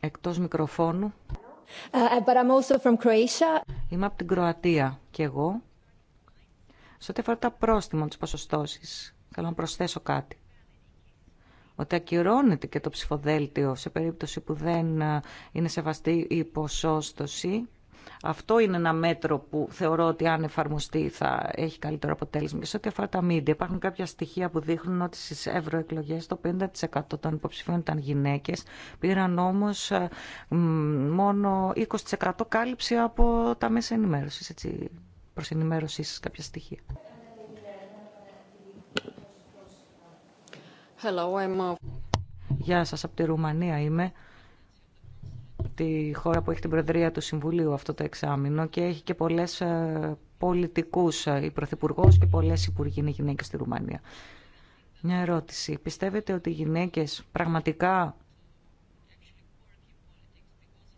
[SPEAKER 3] εκτός μικροφώνου.
[SPEAKER 2] Ε, ε,
[SPEAKER 3] Είμαι από την Κροατία και εγώ. Σε ό,τι αφορά τα πρόστιμα της ποσοστώσης, θέλω να προσθέσω κάτι ότι ακυρώνεται και το ψηφοδέλτιο σε περίπτωση που δεν ε, είναι σεβαστή η ποσόστοση. Αυτό είναι ένα μέτρο που θεωρώ ότι αν εφαρμοστεί θα έχει καλύτερο αποτέλεσμα. Και σε ό,τι αφορά τα μίντια, υπάρχουν κάποια στοιχεία που δείχνουν ότι στι ευρωεκλογέ το 50% των υποψηφίων ήταν γυναίκε, πήραν όμω ε, μόνο 20% κάλυψη από τα μέσα ενημέρωση. Έτσι, προ ενημέρωσή κάποια στοιχεία. Hello, I'm... Γεια σας, από τη Ρουμανία είμαι τη χώρα που έχει την Προεδρία του Συμβουλίου αυτό το εξάμεινο και έχει και πολλές ε, πολιτικούς, ε, η Πρωθυπουργό και πολλές υπουργοί είναι γυναίκες στη Ρουμανία. Μια ερώτηση. Πιστεύετε ότι οι γυναίκες πραγματικά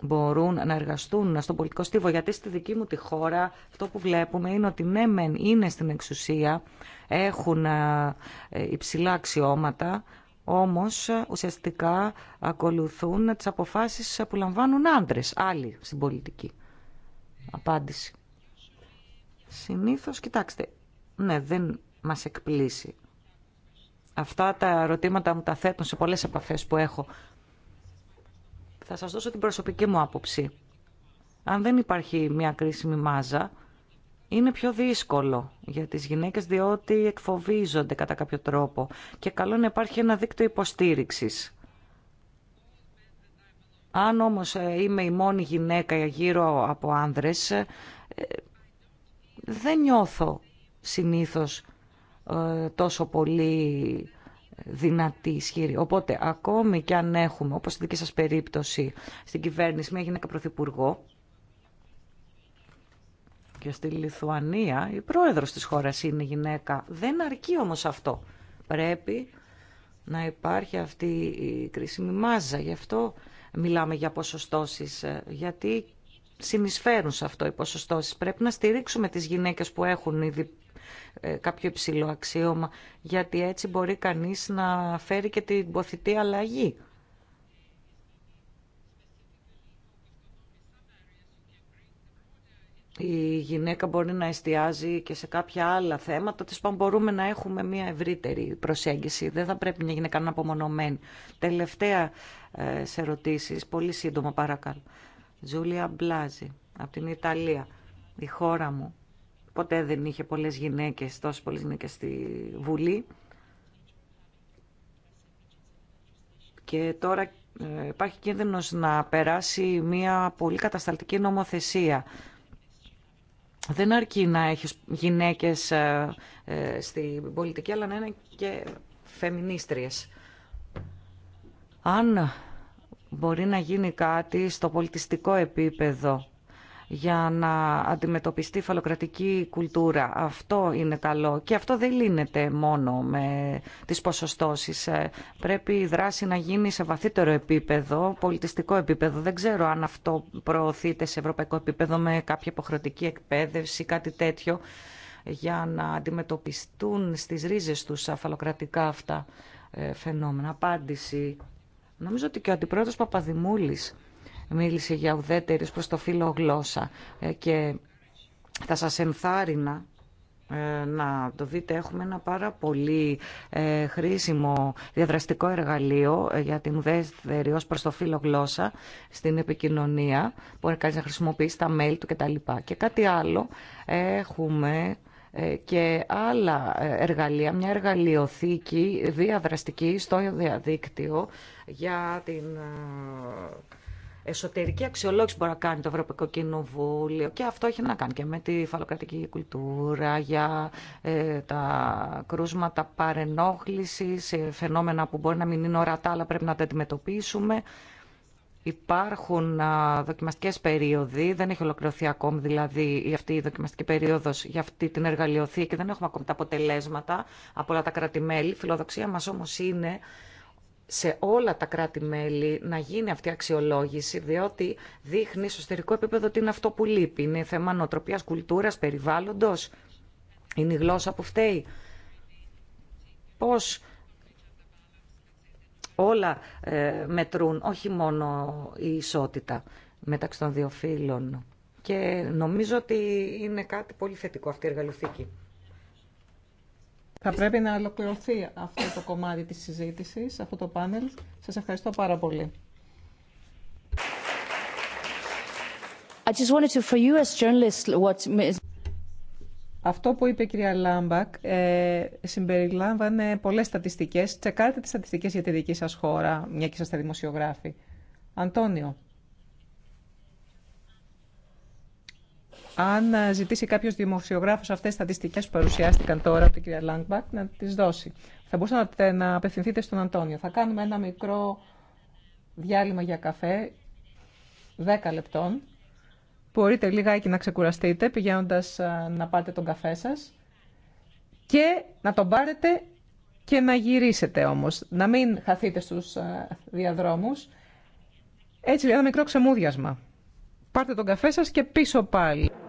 [SPEAKER 3] μπορούν να εργαστούν στον πολιτικό στίβο. Γιατί στη δική μου τη χώρα αυτό που βλέπουμε είναι ότι ναι μεν είναι στην εξουσία, έχουν ε, υψηλά αξιώματα, όμως ουσιαστικά ακολουθούν τις αποφάσεις που λαμβάνουν άντρες, άλλοι στην πολιτική. Απάντηση. Συνήθως, κοιτάξτε, ναι δεν μας εκπλήσει. Αυτά τα ερωτήματα μου τα θέτουν σε πολλές επαφές που έχω θα σας δώσω την προσωπική μου άποψη. Αν δεν υπάρχει μια κρίσιμη μάζα, είναι πιο δύσκολο για τις γυναίκες διότι εκφοβίζονται κατά κάποιο τρόπο και καλό να υπάρχει ένα δίκτυο υποστήριξης. Αν όμως ε, είμαι η μόνη γυναίκα γύρω από άνδρες, ε, δεν νιώθω συνήθως ε, τόσο πολύ δυνατή, ισχυρή. Οπότε, ακόμη και αν έχουμε, όπως στη δική σας περίπτωση, στην κυβέρνηση μια γυναίκα πρωθυπουργό και στη Λιθουανία η πρόεδρος της χώρας είναι γυναίκα. Δεν αρκεί όμως αυτό. Πρέπει να υπάρχει αυτή η κρίσιμη μάζα. Γι' αυτό μιλάμε για ποσοστώσεις, ε, γιατί συνεισφέρουν σε αυτό οι ποσοστώσεις. Πρέπει να στηρίξουμε τις γυναίκες που έχουν ήδη ε, κάποιο υψηλό αξίωμα, γιατί έτσι μπορεί κανείς να φέρει και την ποθητή αλλαγή. η γυναίκα μπορεί να εστιάζει και σε κάποια άλλα θέματα, τις πάνω μπορούμε να έχουμε μια ευρύτερη προσέγγιση. Δεν θα πρέπει να γίνει να είναι απομονωμένη. Τελευταία ε, σε ερωτήσεις, πολύ σύντομα παρακαλώ. Ζούλια Μπλάζη, από την Ιταλία, η χώρα μου. Ποτέ δεν είχε πολλές γυναίκες, τόσες πολλές γυναίκες στη Βουλή. Και τώρα ε, υπάρχει κίνδυνος να περάσει μια πολύ κατασταλτική νομοθεσία. Δεν αρκεί να έχεις γυναίκες ε, ε, στη πολιτική, αλλά να είναι και φεμινίστριες. Αν μπορεί να γίνει κάτι στο πολιτιστικό επίπεδο για να αντιμετωπιστεί η φαλοκρατική κουλτούρα. Αυτό είναι καλό και αυτό δεν λύνεται μόνο με τις ποσοστώσεις. Ε, πρέπει η δράση να γίνει σε βαθύτερο επίπεδο, πολιτιστικό επίπεδο. Δεν ξέρω αν αυτό προωθείται σε ευρωπαϊκό επίπεδο με κάποια υποχρεωτική εκπαίδευση, κάτι τέτοιο για να αντιμετωπιστούν στις ρίζες τους αφαλοκρατικά αυτά ε, φαινόμενα. Απάντηση. Νομίζω ότι και ο Αντιπρόεδρος Παπαδημούλης μίλησε για ουδέτερης προς το φύλλο γλώσσα ε, και θα σας ενθάρρυνα ε, να το δείτε, έχουμε ένα πάρα πολύ ε, χρήσιμο διαδραστικό εργαλείο για την ουδέτερη ως προς το φύλλο γλώσσα στην επικοινωνία. που κανείς να χρησιμοποιήσει τα mail του κτλ. Και κάτι άλλο, έχουμε και άλλα εργαλεία, μια εργαλειοθήκη διαδραστική στο διαδίκτυο για την εσωτερική αξιολόγηση μπορεί να κάνει το Ευρωπαϊκό Κοινοβούλιο και αυτό έχει να κάνει και με τη φαλοκρατική κουλτούρα, για ε, τα κρούσματα παρενόχλησης, ε, φαινόμενα που μπορεί να μην είναι ορατά αλλά πρέπει να τα αντιμετωπίσουμε. Υπάρχουν α, δοκιμαστικές περίοδοι, δεν έχει ολοκληρωθεί ακόμη δηλαδή αυτή η δοκιμαστική περίοδος για αυτή την εργαλειοθήκη, δεν έχουμε ακόμη τα αποτελέσματα από όλα τα κρατημέλη. Η φιλοδοξία μας όμως είναι σε όλα τα κράτη-μέλη να γίνει αυτή η αξιολόγηση, διότι δείχνει στο εσωτερικό επίπεδο ότι είναι αυτό που λείπει. Είναι θέμα νοοτροπία κουλτούρας, περιβάλλοντος. Είναι η γλώσσα που φταίει. Πώς όλα ε, μετρούν, όχι μόνο η ισότητα μεταξύ των δύο φύλων. Και νομίζω ότι είναι κάτι πολύ θετικό αυτή η εργαλειοθήκη.
[SPEAKER 1] Θα πρέπει να ολοκληρωθεί αυτό το κομμάτι της συζήτησης, αυτό το πάνελ. Σας ευχαριστώ πάρα πολύ. Αυτό που είπε η κυρία Λάμπακ ε, συμπεριλάμβανε πολλές στατιστικές. Τσεκάρετε τις στατιστικές για τη δική σας χώρα, μια και είσαστε δημοσιογράφοι. Αντώνιο. αν ζητήσει κάποιο δημοσιογράφο αυτέ τι στατιστικέ που παρουσιάστηκαν τώρα από την κυρία Λάγκμπακ να τι δώσει. Θα μπορούσατε να απευθυνθείτε στον Αντώνιο. Θα κάνουμε ένα μικρό διάλειμμα για καφέ, 10 λεπτών. Μπορείτε λιγάκι να ξεκουραστείτε πηγαίνοντα να πάτε τον καφέ σα και να τον πάρετε και να γυρίσετε όμω. Να μην χαθείτε στου διαδρόμου. Έτσι, ένα μικρό ξεμούδιασμα. Πάρτε τον καφέ σας και πίσω πάλι.